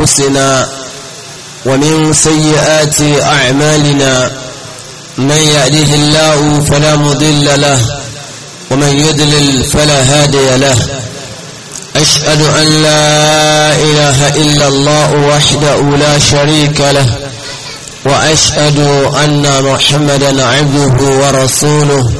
أنفسنا ومن سيئات أعمالنا من يأله الله فلا مضل له ومن يدلل فلا هادي له أشهد أن لا إله إلا الله وحده لا شريك له وأشهد أن محمدا عبده ورسوله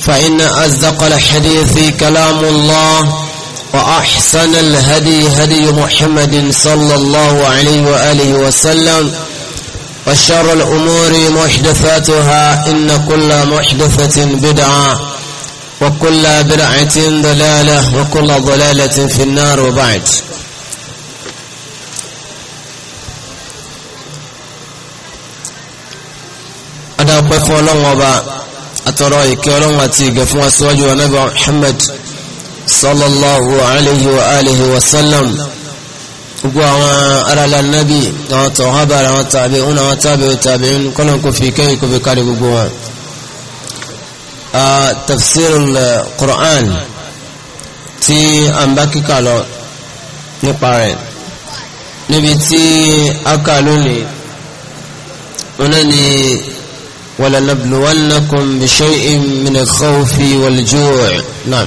فإن أزق الحديث كلام الله وأحسن الهدي هدي محمد صلى الله عليه وآله وسلم وشر الأمور محدثاتها إن كل محدثة بدعة وكل بدعة ضلالة وكل ضلالة في النار وبعد أنا بفولون وبعد atọrọ ìkẹ́ ọlọ́run àti ìgẹ̀ fún aṣíwájú ànábì Muhammad sallallahu alayhi wa alihi wa sallam gbogbo àwọn aráàlá nábì àwọn tọ̀hábà àwọn tàbí òun àwọn tàbí tàbí kọ́nà kò fi kẹ́yìn kò fi kárí gbogbo wọn. tafsirul Qur'an tí a bá kíkà lọ nípa rẹ̀ níbi tí a kà lónìí wọn náà ni. ولنبلونكم بشيء من الخوف والجوع نعم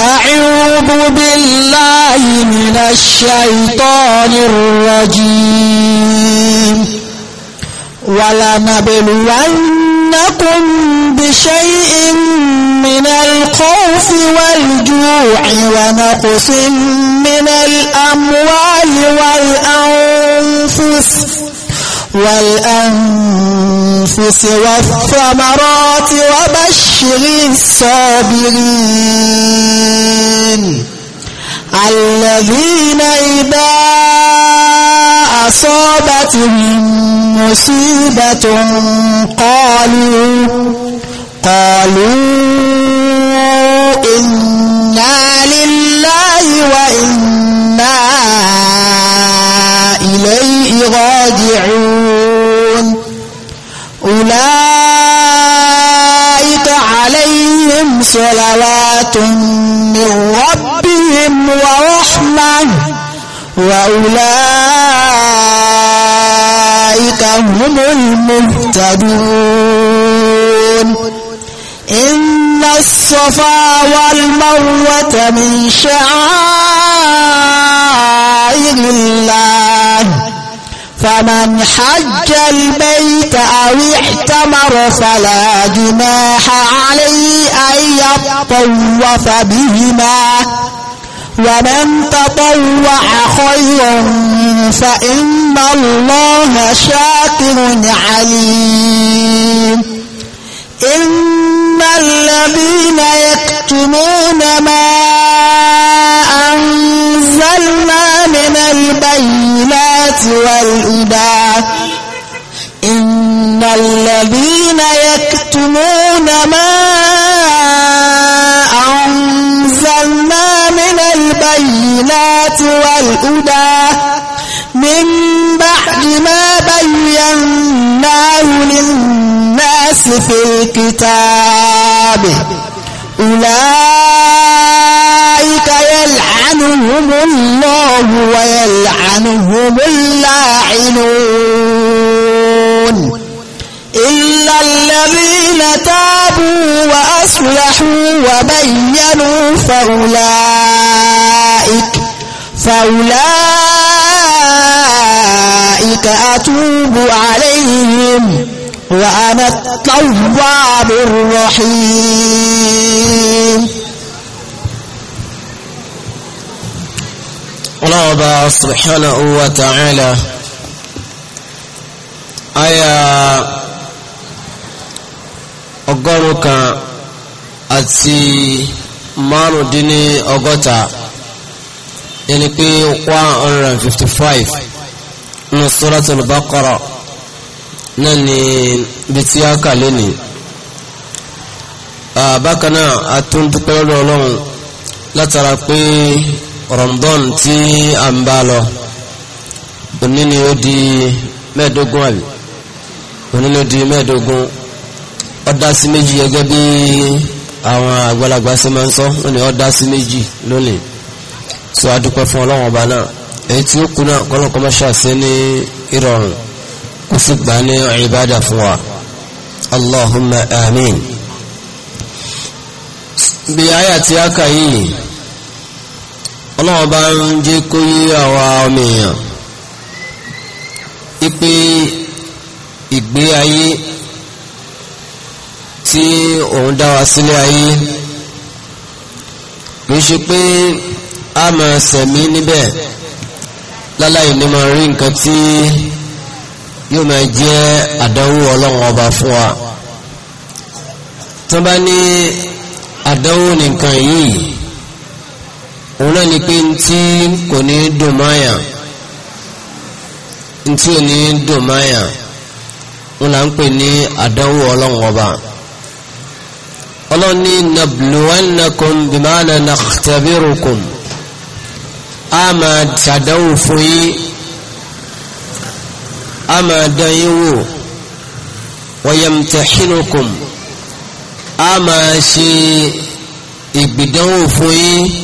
أعوذ بالله من الشيطان الرجيم ولنبلونكم بشيء من الخوف والجوع ونقص من الأموال والأنفس والأنفس والثمرات وبشر الصابرين الذين إذا أصابتهم مصيبة قالوا قالوا إنا لله وإنا إليه راجعون أولئك عليهم صلوات من ربهم ورحمة وأولئك هم المهتدون إن الصفا والمروة من شعائر الله فمن حج البيت أو احتمر فلا جناح عليه أن يطوف بهما ومن تطوع خيرا فإن الله شاكر عليم إن الذين يكتمون ما أنزلنا من البينات والهدى إن الذين يكتمون ما أنزلنا من البينات والهدى من بعد ما بيناه للناس في الكتاب أولئك يلعبون يلعنهم الله ويلعنهم اللاعنون إلا الذين تابوا وأصلحوا وبينوا فأولئك فأولئك أتوب عليهم وأنا التواب الرحيم ọlọ́wọ́ bá subhanahu wa ta'ala aya ọgọ́rùn kan àti márùndínní ọgọ́ta yẹni pé one hundred and fifty five nínú suratul baqara náà ni bí tí a kà lónìí bákan náà a tún dúpẹ́ lọ́dọ̀ ọlọ́run látara pé. Ramadan ti a ń bá lọ òní ni ó di mẹ́ẹ̀ẹ́dógún àbí òní ni ó di mẹ́ẹ̀ẹ́dógún ọ̀dá sí méjì gẹ́gẹ́ àwọn àgbàlagbà ṣe máa ń sọ wọ́n ní ọ̀dá sí so a dúpẹ́ fún ọlọ́wọ́n ọba náà èyí tí ó kú náà kọ́nà kọ́mọ́ṣà sí ní ìrọ̀rùn kó sì gbà ní ìbádà fún wa Allahumma amin bí àyà tí a kà yìí ọlọ́wọ́ bá ń jẹ́ kó yí àwa ọmọ èèyàn ipe ìgbé ayé tí òun dá wa sílé ayé kì í ṣe pé a máa sẹ̀mí níbẹ̀ láláì ní máa rí nǹkan tí yóò máa jẹ́ àdánwò ọlọ́run ọba fún wa tí wọ́n bá ní àdánwò nìkan yìí òun náà ni pé ntí kò ní dùn máyà ntí ò ní dùn máyà wọn là ń pè ní àdánwò ọlọ́run ọba ọlọ́run ní nabluwannakum bimana nakhtabirukum a máa ṣàdánwò fún yín a máa dán yín wò wayamtahinukum a máa ṣe ìgbìdánwò fún yín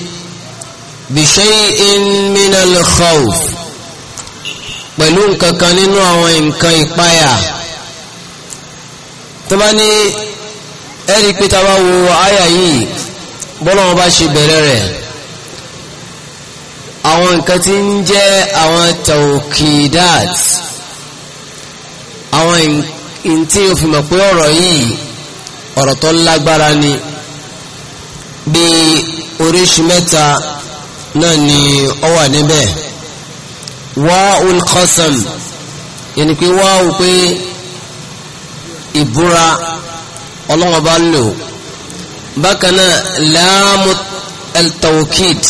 bishay'in minal khawf pẹ̀lú nǹkan kan nínú àwọn nǹkan ìpáyà tó bá ní ẹ̀rí pé tá a bá wo àyà yìí bọ́lá wọn bá ṣe bẹ̀rẹ̀ rẹ̀ àwọn nǹkan tí ń jẹ́ àwọn tawkidat àwọn ìntí ó mọ̀ pé ọ̀rọ̀ yìí ọ̀rọ̀ tó lágbára ni bíi oríṣi mẹ́ta náà ni ọ wà níbẹ̀ wa'ul qasam yẹni pé wá o pé ìbúra ọlọ́wọ́ bá lò bákan náà láàmú al-tawkid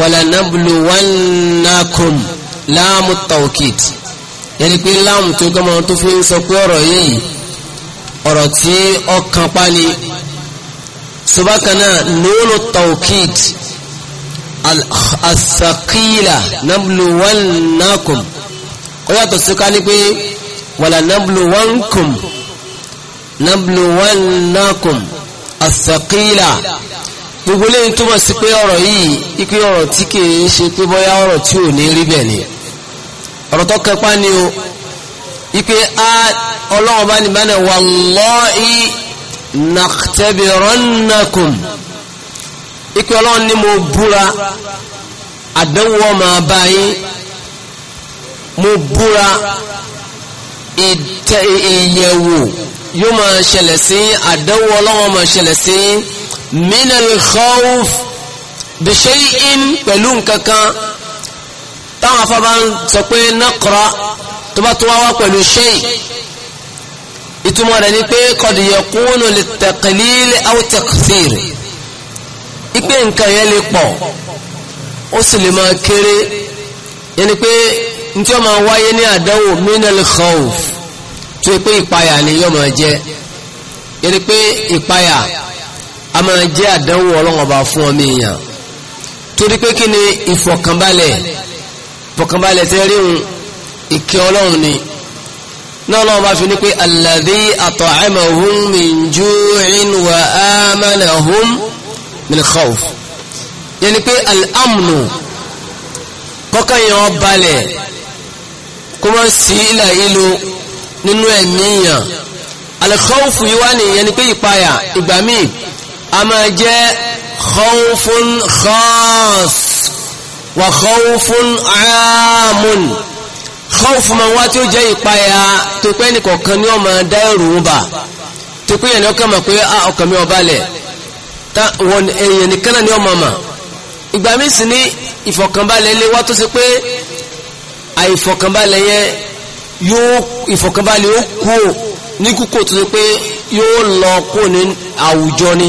wala nabluwannakum láàmú tawkid yẹni pé láàmú tó gbọmọ tó fi ń sọ pé ọ̀rọ̀ yìí ọ̀rọ̀ tí ọkàn pa ni so bákan náà lóòlù tawkid asakila nabluwannakum ó yàtọ̀ sí ká ní pé wàlà nabluwankum nabluwannakum asakila gbogbo lẹ́yìn túmọ̀ sí pé ọ̀rọ̀ yìí ipe ọ̀rọ̀ tí kìí ṣe pé bóyá ọ̀rọ̀ tí ò ní rí bẹ́ẹ̀ ni ọ̀rọ̀ tó kẹpa ni o ipe a ọlọ́wọ́ bá ní bá ní wallahi naqtabirannakum ikú ọlọ́run ní mo búra àdánwò máa bá yín mo búra ìyẹ̀wò yóò máa ṣẹlẹ̀ sí àdánwò ọlọ́run máa ṣẹlẹ̀ sí minal khawf bi shay'in pẹ̀lú nkankan táwọn afábá ń sọ pé naqra tó bá tó wá wá pẹ̀lú shay ìtumọ̀ rẹ̀ ni pé qad yakunu lit taqlil aw takthir ipe nǹkan yẹn lè pọ̀ ó sì lè máa kéré yẹn ni pé ní tí wọ́n máa wáyé ní àdánwò minal khawf tó yẹ pé ìpayà ni yóò máa jẹ yẹn ni pé ìpayà a máa jẹ àdánwò ọlọ́wọ́n fún ọmọ èèyàn torí pé kí ni ìfọ̀kànbalẹ̀ ìfọ̀kànbalẹ̀ tẹ́ rí òun ìkẹ́ ọlọ́run ni náà lọ́wọ́ bá fi ní pé alladhi at'amahum min ju'in wa amanahum min khawf yẹni pé al'amnu kọ́kọ́ yẹn wọ́n balẹ̀ kó wọ́n sí ilà ìlú nínú ẹ̀míyàn alkhawfu yíwá ni yẹni pé ìpayà ìgbà míì a máa jẹ́ khawfun khas wa khawfun aamun khawfu ma wá tí ó jẹ́ ìpayà tó pé ẹnìkọ̀ọ̀kan ni ó máa dá ẹ̀rù ń bà tó pé yẹn ni ọkàn mọ̀ pé ah, ọkàn mi ò balẹ̀ ta wọn èèyàn nìkan náà ni ọmọ ọmọ ìgbà míì sì ní ìfọ̀kànbalẹ̀ ilé wa tó ṣe pé àìfọ̀kànbalẹ̀ yẹn yóò ìfọ̀kànbalẹ̀ yóò kú ò ní kúkò tó ṣe pé yóò lọ kó ní àwùjọ ni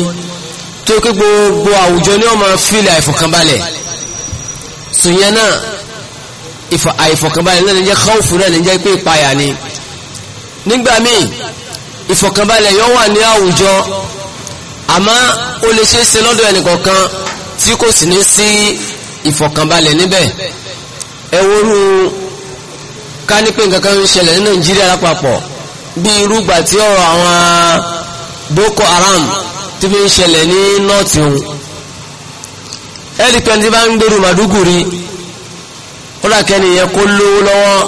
tó kí gbogbo àwùjọ ni ọmọ fílẹ̀ àìfọ̀kànbalẹ̀ sùnyẹn náà àìfọ̀kànbalẹ̀ náà ní jẹ́ káwùfù náà ní jẹ́ pé ìpayà ni nígbà míì ìfọ̀kànbalẹ̀ yóò wà ní àwùjọ àmọ́ ó lè ṣe é ṣe lọ́dọ̀ ẹnìkọ̀ọ̀kan tí kò sì ní sí ìfọ̀kànbalẹ̀ níbẹ̀ ẹ worú ká ní pé nǹkan ń ṣẹlẹ̀ ní nàìjíríà lápapọ̀ bí irúgbà tí ọ̀rọ̀ àwọn boko haram tí fi ń ṣẹlẹ̀ ní nọ́ọ̀tì òun ẹ̀ẹ́dìpẹ́ tí bá ń gbèrú màdúgùrí ó dàkẹ́ni yẹn kó lówó lọ́wọ́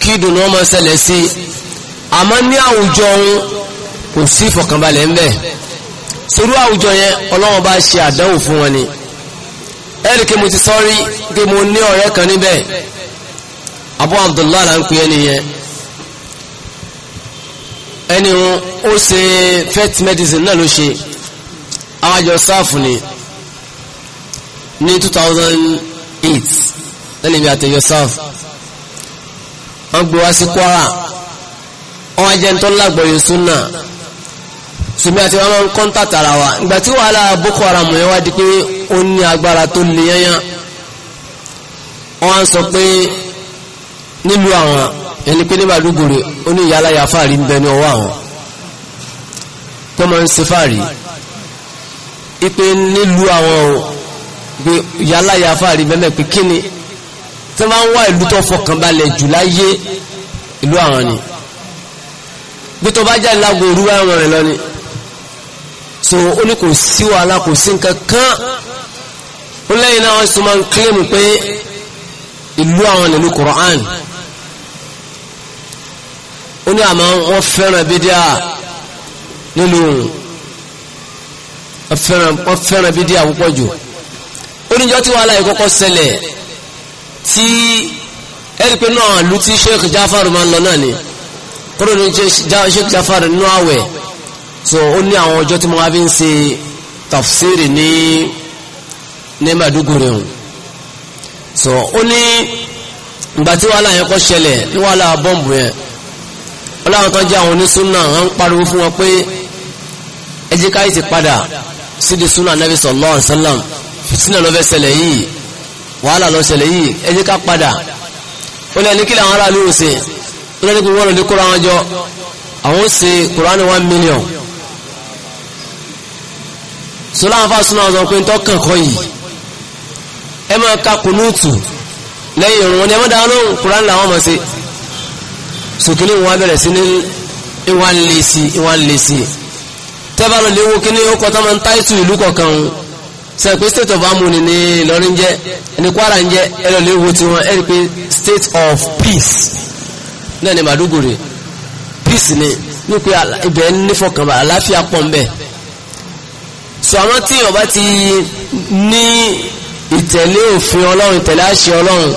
kí ìdùnnú ọmọ ṣẹlẹ̀ sí àmọ́ ní àwùjọ òun kò sí ìfọ̀kànbalẹ̀ ńbẹ̀ sòrú àwùjọ yẹn ọlọ́wọ́n bá ṣe àdánwò fún wọn ni ẹ̀rì kí mo ti sọ rí mo ní ọ̀rẹ́ kan níbẹ̀ Abu Abdullahi là ń pè é nìyẹn ẹni ó ṣe fet medicine náà ló ṣe àwájọ sáàfù ni ní 2008 ẹni mi àtẹ̀yọ sáàfù wọ́n gbé wá sí Kwara wọ́n á ń tọ́ lágbọ̀ọ́yọ̀ sún náà sùgbọ́n àti wọn máa ń kọ́ńtà tara wa ìgbà tí wàhálà boko haram yẹn wá di pé ó ní agbára tó le yányán wọn á sọ pé nílùú àwọn ẹni pé nígbà lúgòrè ó ní ìyá aláya fáàrí ń bẹ ní ọwọ́ àwọn tó máa ń ṣe fáàrí ipe nílùú àwọn o pé ìyá aláya fáàrí bẹ́ẹ̀ pé kí ni tí wọ́n ń wá ìlú tó fọkànbalẹ̀ jù láyé ìlú àwọn ni bí tó bá jáde lágbo òru wá ẹ̀rọ rẹ̀ lọ ni so ó ní kò sí wàhálà kò sí nǹkan kan ó lẹ́yìn náà wọ́n sì máa ń kílèmù pé ìlú àwọn nílùú Qur'an ó ní àmọ́ wọ́n fẹ́ràn bídíà nílùú wọ́n fẹ́ràn bídíà púpọ̀ jù ó níjọ́ tí wàhálà yìí kọ́kọ́ ṣẹlẹ̀ tí ẹni náà lù tí Sheikh Jafar máa ń lọ náà ni kúrò ní Sheikh Jafar nínú àwẹ̀ so ó ní àwọn ọjọ́ tí mo wá fi ń ṣe tafsiri ní ní Maiduguri hùn so ó ní ìgbà tí wàhálà yẹn kọ́ ṣẹlẹ̀ ní wàhálà bọ́ǹbù yẹn wọ́n láwọn kan jẹ́ àwọn onísúnà wọ́n ń pariwo fún wọn pé ẹ jẹ́ ká ìtì padà sídi súnà Nabi sallallahu alaihi wasallam sínà lọ́fẹ́ ṣẹlẹ̀ yìí wàhálà lọ́ ṣẹlẹ̀ yìí ẹ ká padà ó lẹ́ni kí làwọn aráàlú ò ṣe ó lẹ́ni kí wọ́n lọ ní kóra wọn jọ àwọn ó ṣe Kùránì one million sọlá àfa súnà sọ pé ntọ́ kankọ́ yìí ẹ máa ka kùnúùtù lẹ́yìn ìrun wọn ni ẹ máa dáná lóhùn kuran làwọn máa ṣe sòkìní wọn abẹ́rẹ́ sí ní ìwà ń sí ìwà ń sí tẹ́bàlù léwu kíní ó kọ́ tó máa ń táìtù ìlú kọ̀ọ̀kan sọ pé state of amuni ní Ìlọrin jẹ́ ní Kwara ń jẹ́ ẹ lọ léwu tiwọn ẹ pé state of peace náà ní Màdúgùrì peace ni ní pé ibẹ̀ nífọ̀kànbà àláfíà pọ̀ ń bẹ́ẹ̀ so àwọn tí ọba ti ní ìtẹ̀lé òfin ọlọ́run ìtẹ̀lé àṣẹ ọlọ́run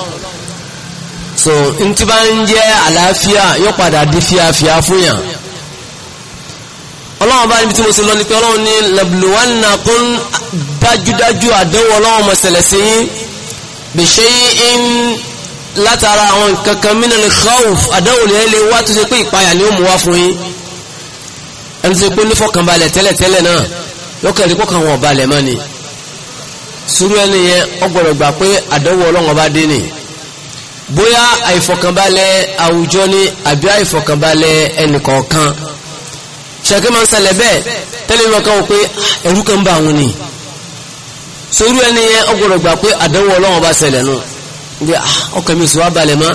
so n tí bá ń jẹ́ àlàáfíà yóò padà di fíafíà fún yàn ọlọ́run bá níbi tí mo sì lọ ní pé ọlọ́run ní labluwannakum dájúdájú àdánwò ọlọ́run mọ̀sẹ̀lẹ̀ sí bishayin látara àwọn nǹkan kan minal khawf àdánwò lè lè wá tó ṣe pé ìpayà ni ó mú wá fún yín ẹni tó ṣe pé nífọ̀kànbalẹ̀ tẹ́lẹ̀tẹ́lẹ̀ náà lọ́kàn rí kọ́kàn wọn ọ̀balẹ̀ mọ́ ni sùúrù ẹni yẹn ọgbọ̀dọ̀ gbà pé àdánwò ọlọ́wọ́n bá dé ni bóyá àìfọkànbalẹ̀ àwùjọ ni àbí àìfọkànbalẹ̀ ẹnìkọ̀ọ̀kan ṣèké máa ń ṣẹlẹ̀ bẹ́ẹ̀ tẹ́lẹ̀ ní ọkàn wò pé ah, ẹ̀rú kan bá àwọn ni sùúrù ẹni yẹn ọgbọ̀dọ̀ gbà pé àdánwò ọlọ́wọ́n bá ṣẹlẹ̀ nù ní ah, ọkàn mi sùn wá balẹ̀ mọ́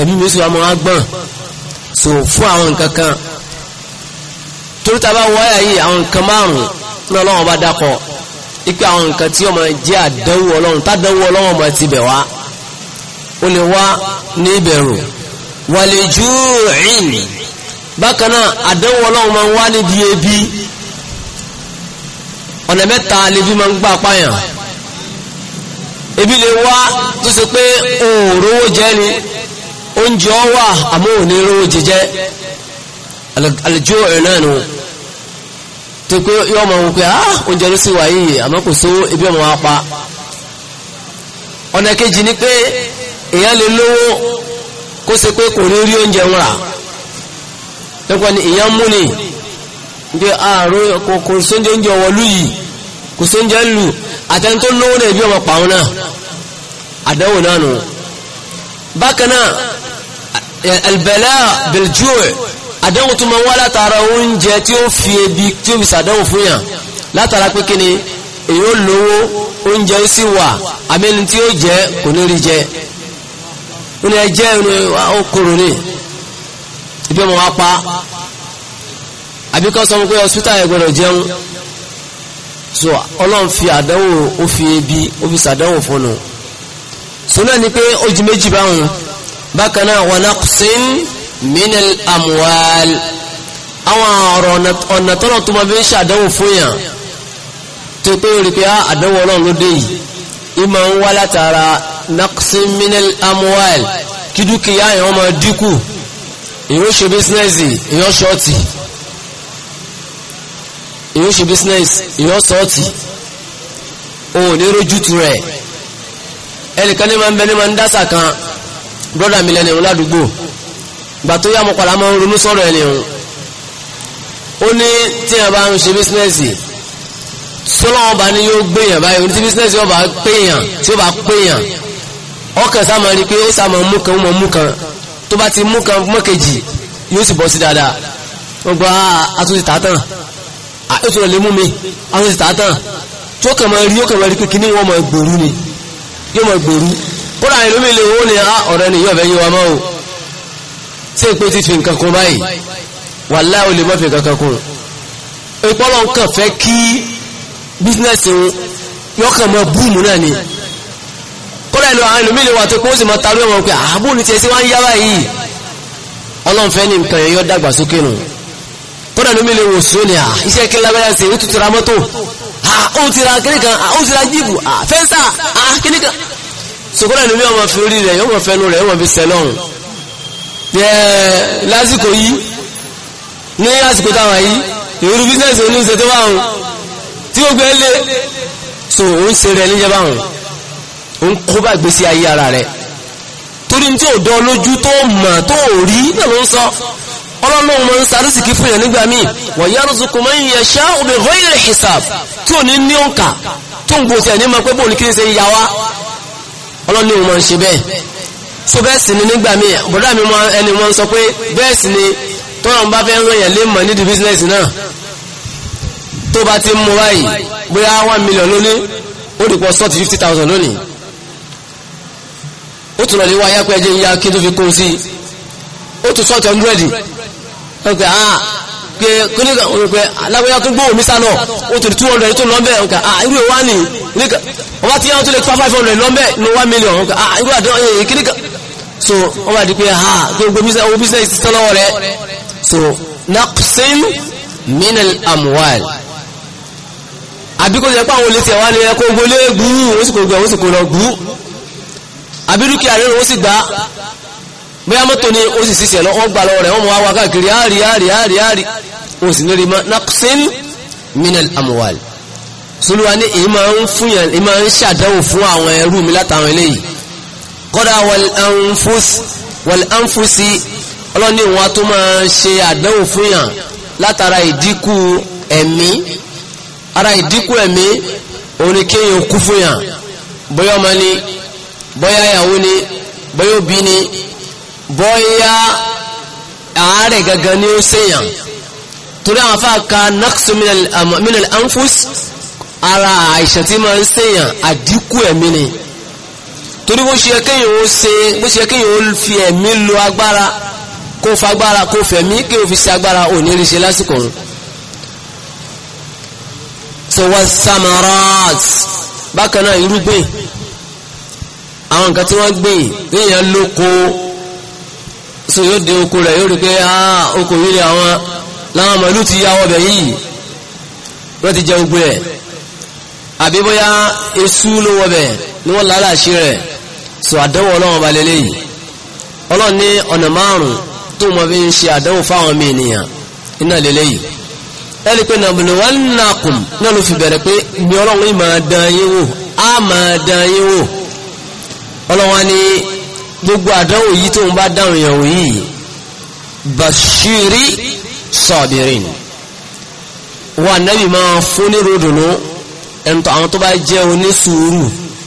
ẹ̀mí mi sùn wá mọ́ wá gbọ́n fún àwọn nǹkan kan torí ta bá wáyà yìí àwọn nǹkan márùn-ún ní ọlọ́run bá dákọ̀ ipe àwọn nǹkan tí ọmọ jẹ́ àdánwò ọlọ́run tádánwò ọlọ́run ọmọ ti bẹ̀ wá ó lè wá ní ìbẹ̀rù wà lè jú bákan náà àdánwò ọlọ́run máa ń wá níbi ebi ọ̀nà mẹ́ta lebi máa ń gbà pààyàn ebi lè wá tó ṣe pé òòrówó jẹ́ ni oúnjẹ ọ wà àmọ́ òní rówó jẹjẹ́ àlùjọ́ ẹ̀ náà nù tó pé yọ ọmọ wọn pé á ah, oúnjẹ ló sì wà yìí àmọ́ kò sówó ebi ọmọ wa pa ọ̀nà kejì ni pé èèyàn lè lówó kó ṣe pé kò ní rí oúnjẹ wọn rà lọ́pọ̀ ni èèyàn mú ni pé ààrùn ah, kò sóúnjẹ oúnjẹ wọlú yìí kò sóúnjẹ lù àtẹni lówó náà ebi ọmọ pa wọn náà àdánwò náà nù bákan náà albala biljuu àdéhùn tó máa wá látara oúnjẹ tí ó fi ebi tí ó fi sàdéhùn fún yàn látara pé kí ni èyí ó lówó oúnjẹ ó sì wà àmẹ́ni tí ó jẹ kò ní rí jẹ ó ní ẹjẹ́ ó kúrò ní ibi ọmọ wa pa àbíkọ́ sọ pé hospital yẹn gbọ́dọ̀ jẹun so ọlọ́run fi àdánwò ó fi ebi ó fi sàdánwò fún un so náà ni pé ó jí méjì báwọn bákan náà wọn náà kù sí minel amuwal àwọn ọ̀rọ̀ ọ̀nà tọ́nà tó máa fi ń ṣàdánwò fún yàn tó pé rí pé ah, àdánwò ọlọ́run ló dé yìí ìmọ̀ ń wá látara naqsim minel amuwal kí dúkìá yẹn wọ́n máa dínkù èyàn ṣe bísínẹ́sì èyàn ṣọ́ọ̀tì èyàn ṣe bísínẹ́sì èyàn ṣọ́ọ̀tì òun ní rójútu rẹ̀ ẹnìkan ní máa ń bẹ ní máa ń dásà kan brọ́dà mi lẹ́nu ìrún ládùúgbò gbà tó yá mo padà máa ń ronú sọ̀rọ̀ ẹni o ó ní tí yẹn bá ń ṣe bísínẹ́sì sọlọ́wọ́n bá ní yóò gbé yẹn báyìí oní bísínẹ́sì yóò bá pé yẹn tí yóò bá pé yẹn ọkàn sá máa rí i pé ó sá máa mú kan ó máa mú kan tó bá ti mú kan mọ́kejì yóò sì bọ́ sí dáadáa wọ́n gba ah, àtúntì tààtàn ètò ah, ìrọ̀lẹ́ mú mi àtúntì tààtàn tí ó kàn máa rí ó kàn máa rí pé kíní wọn máa gbòòrú ni yóò máa gbòòrú kódà ìlú ah, ni yóò fẹ́ yí wa tí èpò ti fi nǹkan kún báyìí wàláhì o lè má fi nǹkan kan kún ìpọ́lọ̀ nǹkan fẹ́ kí bísínẹ́sì yọkàn mọ́ búùmù náà ni kọ́lá ìlú àwọn ìlú mílíọ̀nù àti pọ́ọ̀sì máa ta lóyún wọn pé àbò ní tiẹ̀ sí wá ń yá báyìí ọlọ́run fẹ́ ní nǹkan yẹn yọ dàgbà sókè nù kọ́lá ìlú mílíọ̀nù wòsàn ni iṣẹ́ kí lábẹ́rẹ́ sí ó ra mọ́tò ó ti ra kíní ó ti ra jíìpù fẹ́ńsà lásìkò yìí ní lásìkò táwọn yìí ìwúrú bísínẹ́sì oníṣẹ́ tó báwọn tí ó gbẹ́ lé so ó ń ṣe rẹ̀ níjẹ́ báwọn ó ń kó bá gbé sí ayé ara rẹ̀ torí tí ò dán lójú tó mọ̀ tó rí náà ló ń sọ ọlọ́run mọ̀ ń sàrísìkí fún yẹn nígbà míì wa yarzuqu man yasha'u bi ghayri hisab tí ò ní ní òǹkà tó ń gbòòsẹ̀ ní mọ̀ pé bóun kí ń ṣe yà wá ọlọ́run mọ̀ ń ṣe bẹ́ẹ̀ so bẹ́ẹ̀ sì ni nígbà míì bọ̀dá mi ẹni wọn sọ pé bẹ́ẹ̀ ni tọ́rọ̀ ń bá fẹ́ ràn yẹn lé mọ̀ nídìí bísínẹ́sì náà tó bá ti mú báyìí bóyá one million lónìí ó dìpọ̀ sọ́ọ̀tì fifty thousand lónìí ó tún lọ lè wá ayápẹ́ ẹjẹ́ ìyá kí tó fi kún sí ó tún sọ́ọ̀tì hundred ó pè áà pé kíníkà òun pé alágbèyà ah, tó gbóhùn mi sálọ ó tó two hundred tó lọ́mbẹ̀ nǹka ah, à irú ìwá ni kíníkà ọba tí yẹn tó lè pa five hundred lọ́mbẹ̀ ní one million nǹka ah, à irú àdó ẹ̀yìn kíníkà so wọ́n bá di pé ha gbogbo bísẹ̀ owó bísẹ̀ ti tán lọ́wọ́ rẹ̀ so naqsin minal amwal àbíkó jẹ́ pé àwọn olè tiẹ̀ wá ní ẹ̀kọ́ gbólé gbúù ó sì kò gbẹ̀ ó sì kò lọ gbúù àbí dúkìá rẹ̀ ó sì gbá bóyá mọ́tò ni ó sì sísẹ̀ lọ wọ́n gbà lọ rẹ̀ wọ́n mọ̀ wá káàkiri àárí àárí àárí àárí wọ́n sì lérí naqsin minal amwal sólúwa ní èyí máa ń fún yàn èyí máa ń ṣàdánwò fún àwọn ẹrú mi látàwọn eléyìí kọ́dà wal anfus wal anfusi ọlọ́ni wọn tó máa ṣe àdánwò fún yàn látara ìdínkù ẹ̀mí ara ìdínkù ẹ̀mí òun ni kéèyàn kú fún yàn bóyá ọmọ ni bóyá ìyàwó ni bóyá òbí ni bọ́yá àárẹ̀ gangan ni ó sèyàn torí àwọn afáàka naqsu minal anfus ara àìsàn tí máa ń sèyàn àdínkù ẹ̀mí ni torí bó ṣe kéèyàn ó ṣe bó ṣe kéèyàn ó fi ẹ̀mí lo agbára kó fagbára kó fẹ̀mí kí o fi ṣe agbára ò ní rí lásìkò rùn so wọ́n samarat bákan náà irúgbìn àwọn nǹkan tí wọ́n gbìn níyàn lóko so yóò dé oko rẹ̀ yóò rí pé ah oko yìí ni àwọn láwọn màálù ti yá ọbẹ̀ yìí wọ́n ti jẹ gbogbo ẹ̀ àbí bóyá esu ló wọbẹ̀ ni wọ́n lálẹ́ àṣì rẹ̀ so àdánwò ọlọ́run balẹ̀ léyìí ọlọ́run ní ọ̀nà márùn-ún tó mọ fi ń ṣe àdánwò fáwọn ọmọ ènìyàn iná lélẹ́yìí ẹni pé nàbùnúwánàkùn náà ló fi bẹ̀rẹ̀ pé mi ọlọ́run yìí máa dán yín wò á máa dán yín wò ọlọ́run á ní gbogbo àdánwò yìí tó ń bá dáhùn ìyàwó yìí bashiri sabirin wà nẹ́bì máa fún ní ròdùnú ẹ̀ntọ́ àwọn tó bá jẹ́ onísùúrù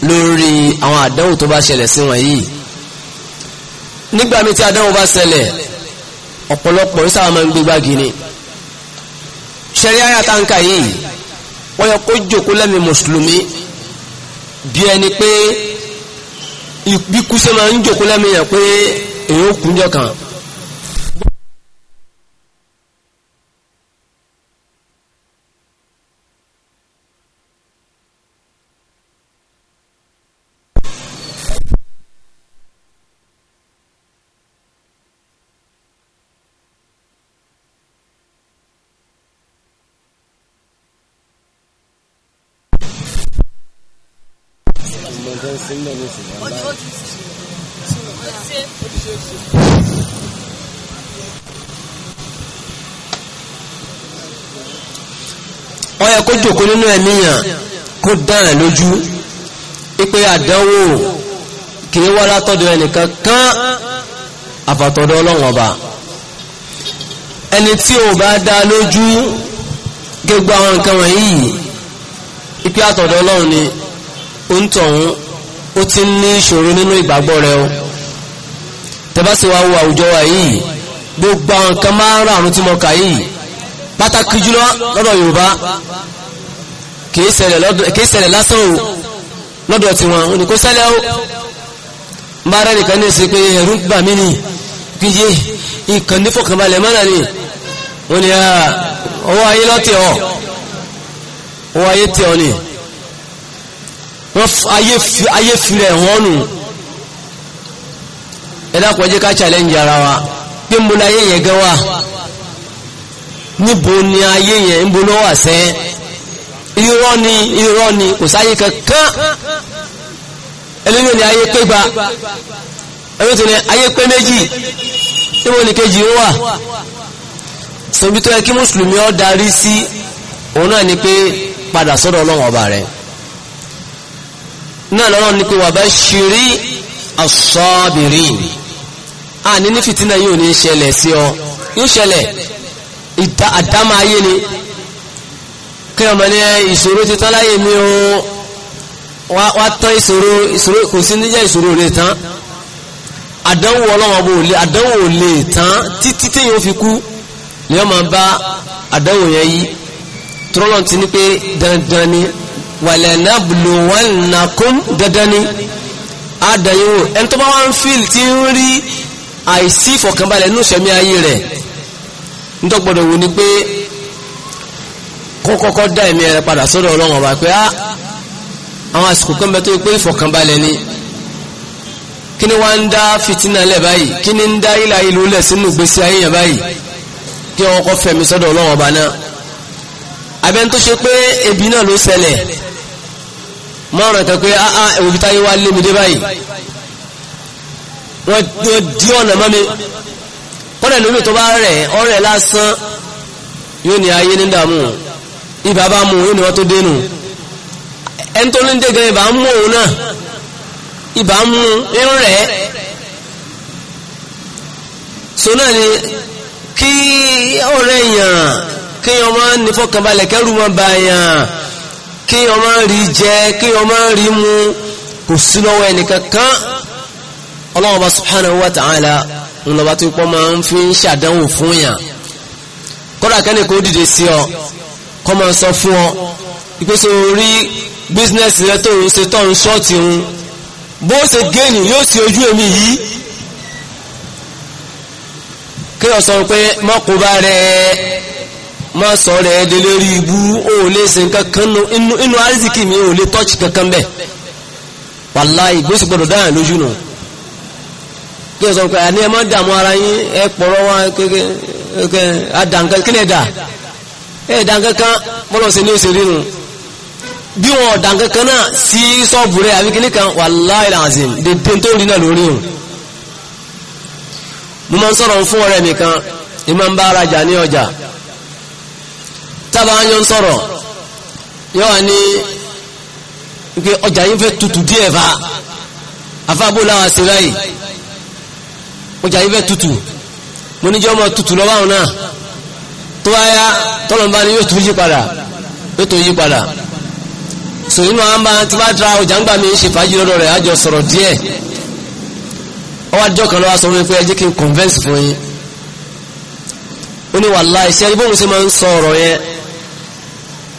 lórí àwọn àdánwò tó bá ṣẹlẹ̀ sí wọn yìí nígbà mi tí àdánwò bá ṣẹlẹ̀ ọ̀pọ̀lọpọ̀ sáà máa ń gbégbá gini ṣẹ̀rí àyàtànkà yìí wọ́n yẹ kó jòkó lẹ́mìí mùsùlùmí bí ẹni pé bí kú sí máa ń jòkó lẹ́mìyàn pé èyí kúnjọ kan tàn án lójú ipe àdánwò kìí wá látọ̀dọ̀ ẹnìkan kan àfàtọ̀dọ̀ ọlọ́wọ̀n ọba ẹni tí ò bá dá lójú gbogbo àwọn nǹkan wọ̀nyí ipe àtọ̀dọ̀ ọlọ́run ni ó ń tọ̀hún ó ti ń ní ìṣòro nínú ìgbàgbọ́ rẹ o tẹ́básí wa wo àwùjọ wa yìí gbogbo àwọn nǹkan márùn-ún tí mo kà yìí pàtàkì jùlọ lọ́dọ̀ Yorùbá kìí ṣẹlẹ̀ lásán o lọ́dọ̀ tí wọn ò ní kó ṣẹlẹ̀ o mbára nìkan ní ṣe pé ẹ̀rù bà mí ni kíyé nǹkan ní fọkànbalẹ̀ mọ́nà ni wọ́n ni ọwọ́ ayé lọ́tẹ̀ ọ ọwọ́ ayé tẹ̀ ọ ni wọ́n ayé filẹ̀ wọ́n nù ẹ̀dá kọjá ká challenge ara wa pé mo ní ayé yẹn gan níbo ni ayé yẹn ń bo lọ́wọ́ àṣẹ irọ́ ni irọ́ ni kò sáyé kankan ẹlẹ́yìn ni ayé pé gba ẹlẹ́yìn tó ní ayé pé méjì níbo ni kejì ó wà sọ̀bí tó yẹ kí mùsùlùmí ó darí sí òun náà ni pé padà sọ́dọ̀ ọlọ́run ọba rẹ̀ náà lọ́rọ̀ ni pé wabashiri as-sabirin àní ní fìtínà yìí ní ṣẹlẹ̀ sí ọ yóò ṣẹlẹ̀ ìta àdámáyé ni kí ọmọ ní ìṣòro ti tán láyé mi o wá tán ìṣòro ìṣòro kò sí níjẹ́ ìṣòro lè tán àdánwò ọlọ́wọ́ bò lè àdánwò lè tán títí téèyàn fi kú ni wọ́n máa bá àdánwò yẹn yí tọ́lọ́ ti ní pé dandan ni wàlẹ̀ náà bùlù wọn nà kún dandan ni àdánwò ẹni tó bá wá ń fíìl tí ń rí àìsí ìfọ̀kànbalẹ̀ nínú ìṣẹ̀mí ayé rẹ̀ ń dọ́gbọ́dọ̀ wò ni pé kó kọ́kọ́ dá ẹ̀mí rẹ̀ padà sọ́dọ̀ ọlọ́run ọba pé á ah, àwọn àsìkò kan bẹ tó pé ìfọ̀kànbalẹ̀ ni kí ni wọ́n ń dá fìtínà lẹ̀ báyìí kí ni ń dá ìlà ìlú lẹ̀ sínú ìgbésí ayé yẹn báyìí kí wọ́n kọ́ fẹ̀mí sọ́dọ̀ ọlọ́run ọba náà abẹ́ni tó ṣe pé ebi náà ló ṣẹlẹ̀ mọ́ràn kan pé áá ah, ẹ̀wòbí ah, táyé wá lé mi dé báyìí wọ́n dí ọ̀nà mọ́ mi kọ́lẹ̀ lómi tó bá rẹ̀ ọ̀rẹ́ lásán yóò ní ayé ní dààmú ibà bá mú yóò ní wọ́n tó dénú ẹni tó ní dégẹ́ ibà mú òun náà ibà mú irun rẹ̀ so náà ni kí ọ̀rẹ́ yàn kí ọmọ nífọ̀kànbalẹ̀ kẹ́rù mọ́ bá yàn kí ọmọ rí jẹ kí ọmọ rí mu kò sí lọ́wọ́ ẹnìkankan Allahu bá subhanahu wa ta'ala ńlọba tó pọ́ máa ń fi ń ṣàdánwò fún yàn kọ́dà kẹ́ni kò dìde sí ọ kọ́ máa sọ fún ọ ìpèsè orí bísínẹ́sì rẹ tó ń ṣe tọ́run ṣọ́ọ̀tì ń bó ṣe géènì yóò ṣe ojú èmi yìí kí ọ sọ pé mọ́kùnbá rẹ má sọ rẹ délérí ibú ó lè ṣe nǹkan inú inú arizikì mi ò lè tọ́ọ̀chì kankan bẹ́ẹ̀ wàláì bó ṣe gbọdọ̀ dáhà lójú nù kí ọ sọ pé àní ẹ má dààmú ara yín ẹ pọ̀rọ̀ wá kékeré àdàǹkan kí ni ẹ dà. ẹ̀ẹ̀dà eh, kankan bọ́lọ̀ sí ní oṣù rínu bí wọn ọ̀dà náà sí sọ́ọ̀bù rẹ̀ àbí kìíní kan wallahi alazim dèdè tó rí náà lórí o mo máa ń sọ̀rọ̀ fún ọ̀rẹ́ mi kan ní máa ń bá arajà ní ọjà tábà yọ ń sọ̀rọ̀ yọ wà ní pé ọjà yín fẹ́ tutù díẹ̀ fa àfàbò làwọn àṣẹ báyìí ọjà yín fẹ́ tutù mo níjọ́ ọmọ tutù lọ́wọ́ àwọn náà. tó bá yá tọ́lọ̀mbá ni yóò tún yí padà yóò tún yí padà so nínú àwọn bá tí bá tra ọjà ńgbà mi ń ṣe fàájì lọ́dọ̀ rẹ̀ àjọ sọ̀rọ̀ díẹ̀ ọwọ́ àjọ kan lọ́wọ́ sọ fún mi pé ẹ jẹ́ kí n convince fún yín ó ní wàláhì iṣẹ́ ibò mo ṣe máa ń sọ ọ̀rọ̀ yẹn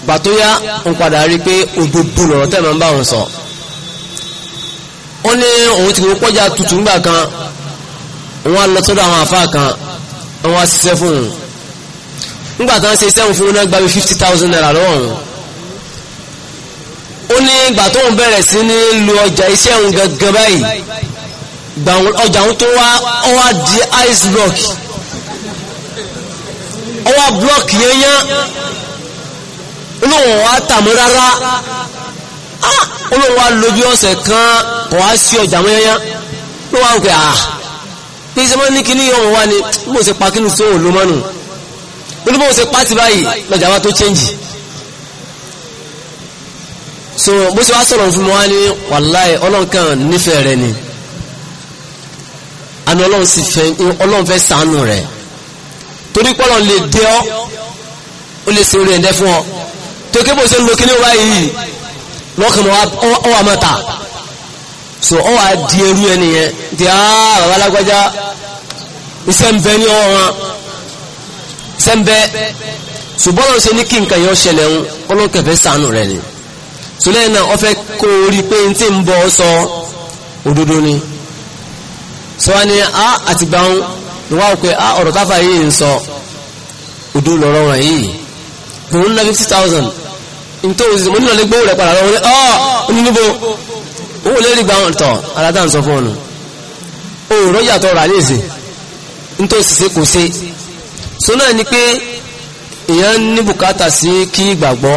gbà tó yá ń padà rí pé ògbógbò lọ̀rọ̀ tẹ̀ máa ń bá òun sọ ó ní òun ti kò pọ́jà tutù ńgbà kan wọ́n á lọ sọ́dọ̀ àwọn àfáà kan wọ́n á ṣiṣẹ́ fún òun nígbà tó ń ṣe sẹ́wọ̀n fún náà gbàgbé fifty thousand naira lọ́wọ́ wọn ó ní ìgbà tó ń bẹ̀rẹ̀ sí ní lu ọjà iṣẹ́ òun gangan báyìí ọjà òun tó wá ó wá di ice block ó wá block yẹnyán olóhùn wa tàmú rárá ah! olóhùn wa lo bí ọ̀sẹ̀ kan kò wá sí ọjà mọ́ yẹnyán ló wá ń pè à ní sẹ́mọ́ ní kíní ọ̀hún wa ni mo ṣe pa kí ni tó òun ló mọ́nu gbogbo bó ṣe pàtì báyìí lọ́jà wa tó chẹ́ǹjì so bó ṣe wá sọ̀rọ̀ fún wa ní wàláì ọlọ́nkàn nífẹ̀ẹ́ rẹ ni àná ọlọ́run sì fẹ́ ọlọ́run fẹ́ sànù rẹ̀ torí pọ́lọ́ lè dé ọ́ ó lè ṣe orí ẹ̀ndẹ́ fún ọ tó kí bó ṣe ń lo kí wá yìí lọ́kàn ọwà mọ́ta so ọwà di ẹrú ẹnìyẹn tí a ah, bàbá alágbájá iṣẹ́ ń bẹ ní ọwọ́ sẹ́ńbẹ́ ṣùgbọ́n lọ́n ṣe ní kí nǹkan yẹn ṣẹlẹ̀ ń kọ́lọ́ sànù rẹ̀ ni sùlẹ́yìn náà ọ fẹ́ kó o rí pé n tí ń bọ́ sọ òdodo ni sọ wá a àtìgbà ń ni wá pé a ọ̀rọ̀ táfà yìí ń sọ òdo lọ́rọ̀ rẹ̀ yìí fún fifty thousand nítorí mo nílò lé gbówó rẹ̀ padà lọ́wọ́ ọ́ ó níbo owó lè rí gbà tọ̀ aládàá ń sọ fún ọ̀nà sọ́nà ni pé èèyàn ní bùkátà sí kí ìgbàgbọ́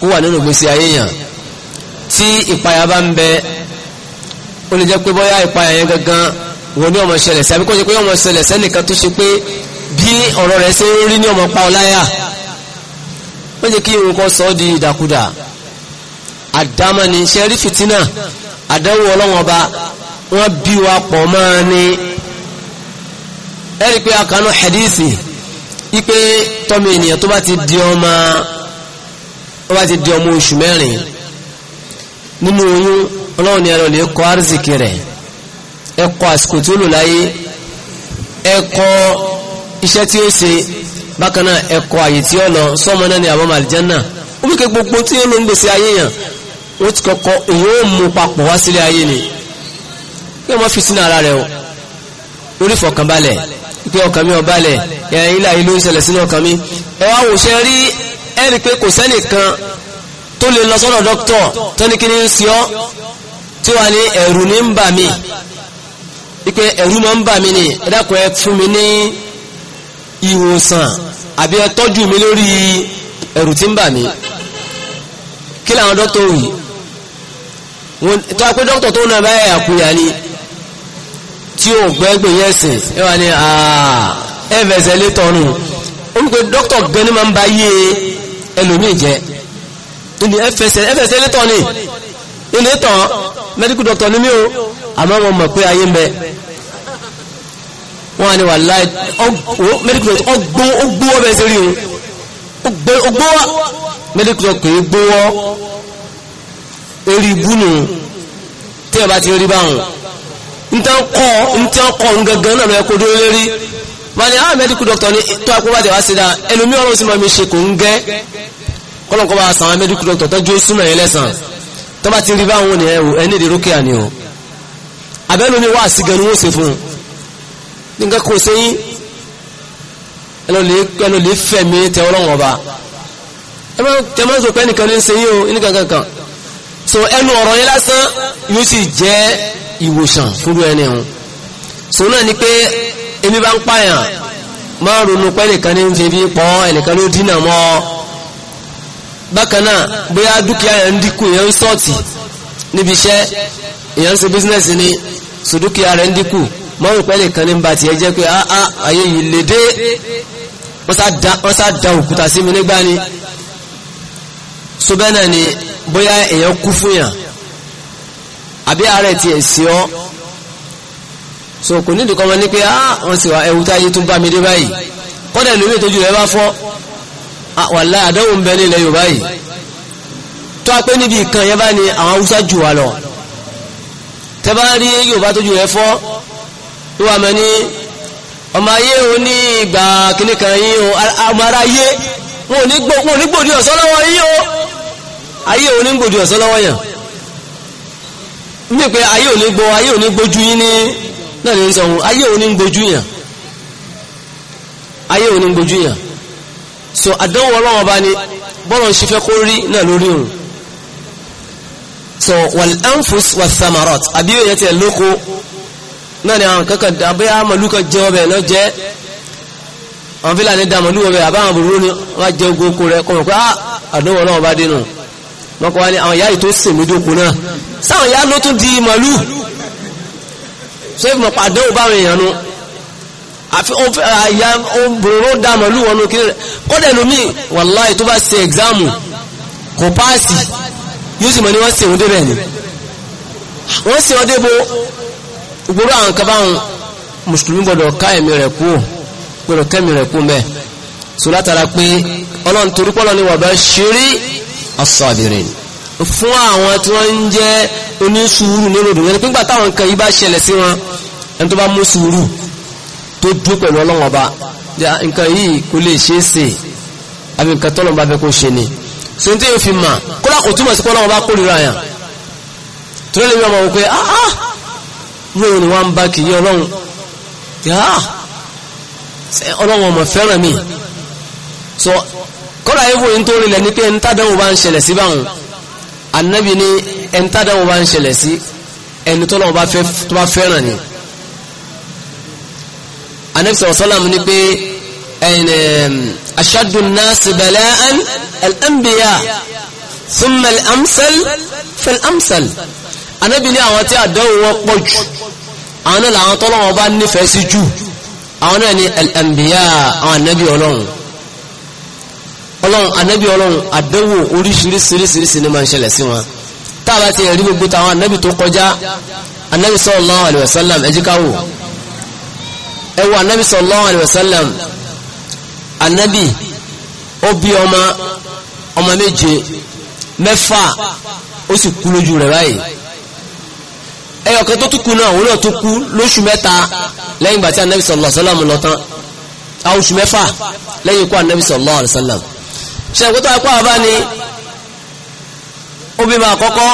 kó wà nínú ìgbésí ayé yàn tí ìpayà bá ń bẹ ó lè jẹ́ pé bóyá ìpayà yẹn gangan wọn ní ọmọ ṣẹlẹ̀ sí àbíkó ṣe pé ọmọ ṣẹlẹ̀ sẹ́nìkan tó ṣe pé bí ọ̀rọ̀ rẹ̀ ṣe ń rí ní ọmọ pa ọláyà wọ́n jẹ́ kí irun kan sọ ọ́ di ìdàkudà àdámọ́ni ṣe fìtínà àdánwò ọlọ́wọ́n ọba wọ́n bí wa pọ̀ máa ní ẹ̀rí pé akànú hadithi ipe tọ́mọ ènìyàn tó bá ti di ọmọ tó bá ti di ọmọ oṣù mẹ́rin nínú oyún ọlọ́run ni ẹ̀rọ lè kọ́ arzikì rẹ̀ ẹ àsìkò tí ó lò láyé ẹ iṣẹ́ tí ó ṣe bákan náà ẹ àyè tí ó lọ sọ́mọ náà ni àbọ̀ màlìjánà ó bí ké gbogbo tí ó ló ń gbèsè ayé yàn ó ti kọ́kọ́ èyí ó mú papọ̀ wá sílé ayé ni kí wọ́n fi sínú ara rẹ̀ o lórí ìfọ̀kànbalẹ̀ pé ọkàn mi ọba lẹ̀ ẹ̀yìn ilà ìlú ìṣẹ̀lẹ̀ sínú ọkàn mi ẹwà òṣẹ́ rí ẹ̀rì pé kò sẹ́nìkan tó lè lọ sọ́dọ̀ dókítọ̀ tẹ́nikíní ń sí ọ́ tí wà ní ẹ̀rù ní ń bà mí wípé ẹ̀rù máa ń bà mí ni ẹ dákun ẹ fún mi ní ìwòsàn àbí ẹ tọ́jú mi lórí ẹ̀rù tí ń bà mí kí làwọn dókítọ̀ wì wọ́n tó wá pé dókítọ̀ tó ń nà báyà àkúyà ni tí ó gbẹ́gbẹ̀ yẹn sìn ẹ wà ní ah. ẹ fẹsẹ̀ létọ́ nù olùkọ́ dókítà gẹ́ni máa ń bá yé ẹlòmíì jẹ́ ilé ẹ fẹsẹ̀ létọ́ ni ilé tán medical doctor ni mí o àmọ́ wọn mọ̀ pé ayé ń bẹ wọ́n á ní wà láì medical doctor ọgbọ́n ọgbọ́n ọbẹ̀ ṣe rí o ọgbọ́n wa medical doctor kì í gbówọ́ eré ibú nù tí ẹ bá ti rí báwọn ntẹ́ kọ́ ntẹ́ kọ́ ngangan náà lọ ẹ̀kọ́ dúró lérí wọ́n ah medical doctor ni tó ẹ̀kọ́ bá tẹ̀ wá sí dáa ẹlòmíì ọ̀rọ̀ sì máa mi ṣe kò ń gẹ́ kọ́lọ́nkọ́ bá sàn án medical doctor tọ́jú ó súnmọ̀ yẹn lẹ́sàn tó bá ti rí báwọn ni ẹni èdè rókè àní o àbẹ́lómi wà sí gan ni wọ́n ṣe fún un nígbà kò sẹ́yìn ẹlòmíì fẹ̀mí tẹ ọlọ́wọ́n ọba ẹ má tẹ má zò nìkan ní ń o ní kankan kan so ẹnu ọ̀rọ̀ yẹn lásán yóò sì jẹ́ ìwòsàn fúru ẹni ọ̀hún so náà ni pé ebi bá ń pààyàn máa ronú pé ẹnìkan ní ń fi ebi pọ̀ ẹnìkan ló dínà mọ́ ọ bákan náà bóyá dúkìá yẹn ń dínkù yẹn ń sọ̀tì níbi iṣẹ́ èèyàn ń ṣe bísínẹ́sì ni so dúkìá rẹ̀ ń dínkù máa ronú pé ẹnìkan ní ń ba tiẹ̀ jẹ́ pé áá ah, ah, ayé yìí lè dé wọ́n sá da òkúta sí mi nígbà ni so bẹ́ẹ̀ náà ni bóyá èèyàn kú fún yàn àbí ààrẹ ti ẹ̀ sí ọ́ so kò nídìí kọ́ mọ́ ní pé ah wọ́n sì wá ẹ̀wù tá ayé tún bá mi dé báyìí kọ́dà lómi ìtọ́jú rẹ̀ bá fọ́ wàlá àdánwò bẹ ní Yorùbá yìí tó a pé níbi ìkan yẹn bá ní àwọn Haúsá jù wá lọ tẹ́ bá rí Yorùbá tójú rẹ̀ fọ́ tó wà mọ́ ní ọmọ ayé o ní ìgbà kìnnìkan yìí o ọmọ ara ayé wọn ò ní gbòdì ọ̀sán lọ́wọ́ yìí o ayé òní ń gbòdì ọ̀sán lọ́wọ́ yàn ní pé ayé òní gbọ́ ayé òní gbójú yín ní náà lè sọ ohun ayé òní gbójú yàn ayé òní gbójú yàn so àdánwò ọlọ́wọ́n bá ní bọ́lọ̀ ṣe fẹ́ kó rí náà lórí òun so wal anfus wa samarot, àbí èyàn tiẹ̀ lóko náà ni àwọn kankan àbí àmàlú kan jẹ́ ọbẹ̀ náà jẹ́ àwọn fílàní dàmọ́lú ọbẹ̀ àbáwọn bòrò ni wọ́n jẹ́ ogun oko rẹ̀ kọ́mọ̀ pé ah, àdánwò ọlọ́wọ́n bá dínú wọ́n kọ́ wá ní àwọn ìyá yìí tó sì mí dóko náà sáwọn ìyá ló tún di màálù ṣé ìfìmọ̀ pàdé ò báwọn èèyàn nu àyà òbòrò dá wọn nu kiri kódà lómi wàláì tó bá ṣe ẹ̀gzáàmù kò páàsì yóò sì mọ̀ ní wọ́n sì wọ́n débẹ̀ ni wọ́n sì wọ́n débò ìgboro àwọn kan mùsùlùmí gbọ́dọ̀ ká ẹ̀mí rẹ̀ kú gbọ́dọ̀ kẹ́mi rẹ̀ kú mẹ́ so látara pé ọlọ́run torí pọ́lọ́ ni wàbá ṣeré as-sabirin fún àwọn tí wọ́n ń jẹ́ onísùúrù nínú òdùn yẹn nígbà táwọn nǹkan yìí bá ṣẹlẹ̀ sí wọn ẹni tó bá mú sùúrù tó dúró pẹ̀lú ọlọ́wọ́n ọba nǹkan yìí kò lè ṣeé ṣe àbí nǹkan tọ́lọ́n bá fẹ́ kó ṣe ni so yóò fi mà kódà kò túmọ̀ sí pé bá kórìíra yàn tó lè mi ọmọ wò pé ah ah lóyún ni wọ́n ń bá kì í ọlọ́run yàrá ọlọ́wọ́n ọmọ fẹ́ràn mi so kọ́ra ewu yìí tó rinlẹ̀ ní pé ẹ̀ńtàdánwò bá ń ṣẹlẹ̀ sí báwọn anabi ní ẹ̀ńtàdánwò bá ń ṣẹlẹ̀ sí ẹni tó lọ́wọ́ tó bá fẹ́ràn ni anabi sọ̀rọ̀ sọ́làmù ní pé ẹ̀yìn ashaddu an-nasi bala'an al-anbiya thumma al-amsal fal-amsal anabi àwọn tí àdánwò wọn pọ̀ jù àwọn náà làwọn tó lọ́wọ́ bá nífẹ̀ẹ́ sí jù àwọn náà ní al àwọn anabi ọlọ́run ọlọ́run anabi ọlọ́run àdánwò oríṣiríṣiríṣiríṣi ni máa ń ṣẹlẹ̀ sí wọn tá a bá ti rí gbogbo táwọn anabi tó kọjá anabi sallallahu alayhi wa sallam ẹ jíká wò ẹ wo anabi sallallahu alayhi wa sallam anabi ó bí ọmọ ọmọ méje mẹ́fà ó sì kú lójú rẹ̀ báyìí ẹyọ̀kan tó tún kú náà òun náà tó kú lóṣù mẹ́ta lẹ́yìn ìgbà tí anabi sallallahu sallam lọ tán àwọn oṣù mẹ́fà lẹ́yìn ikú anabi sallallahu alayhi wa sallam ṣe ìgbótó apá àbá ni obìnrin àkọ́kọ́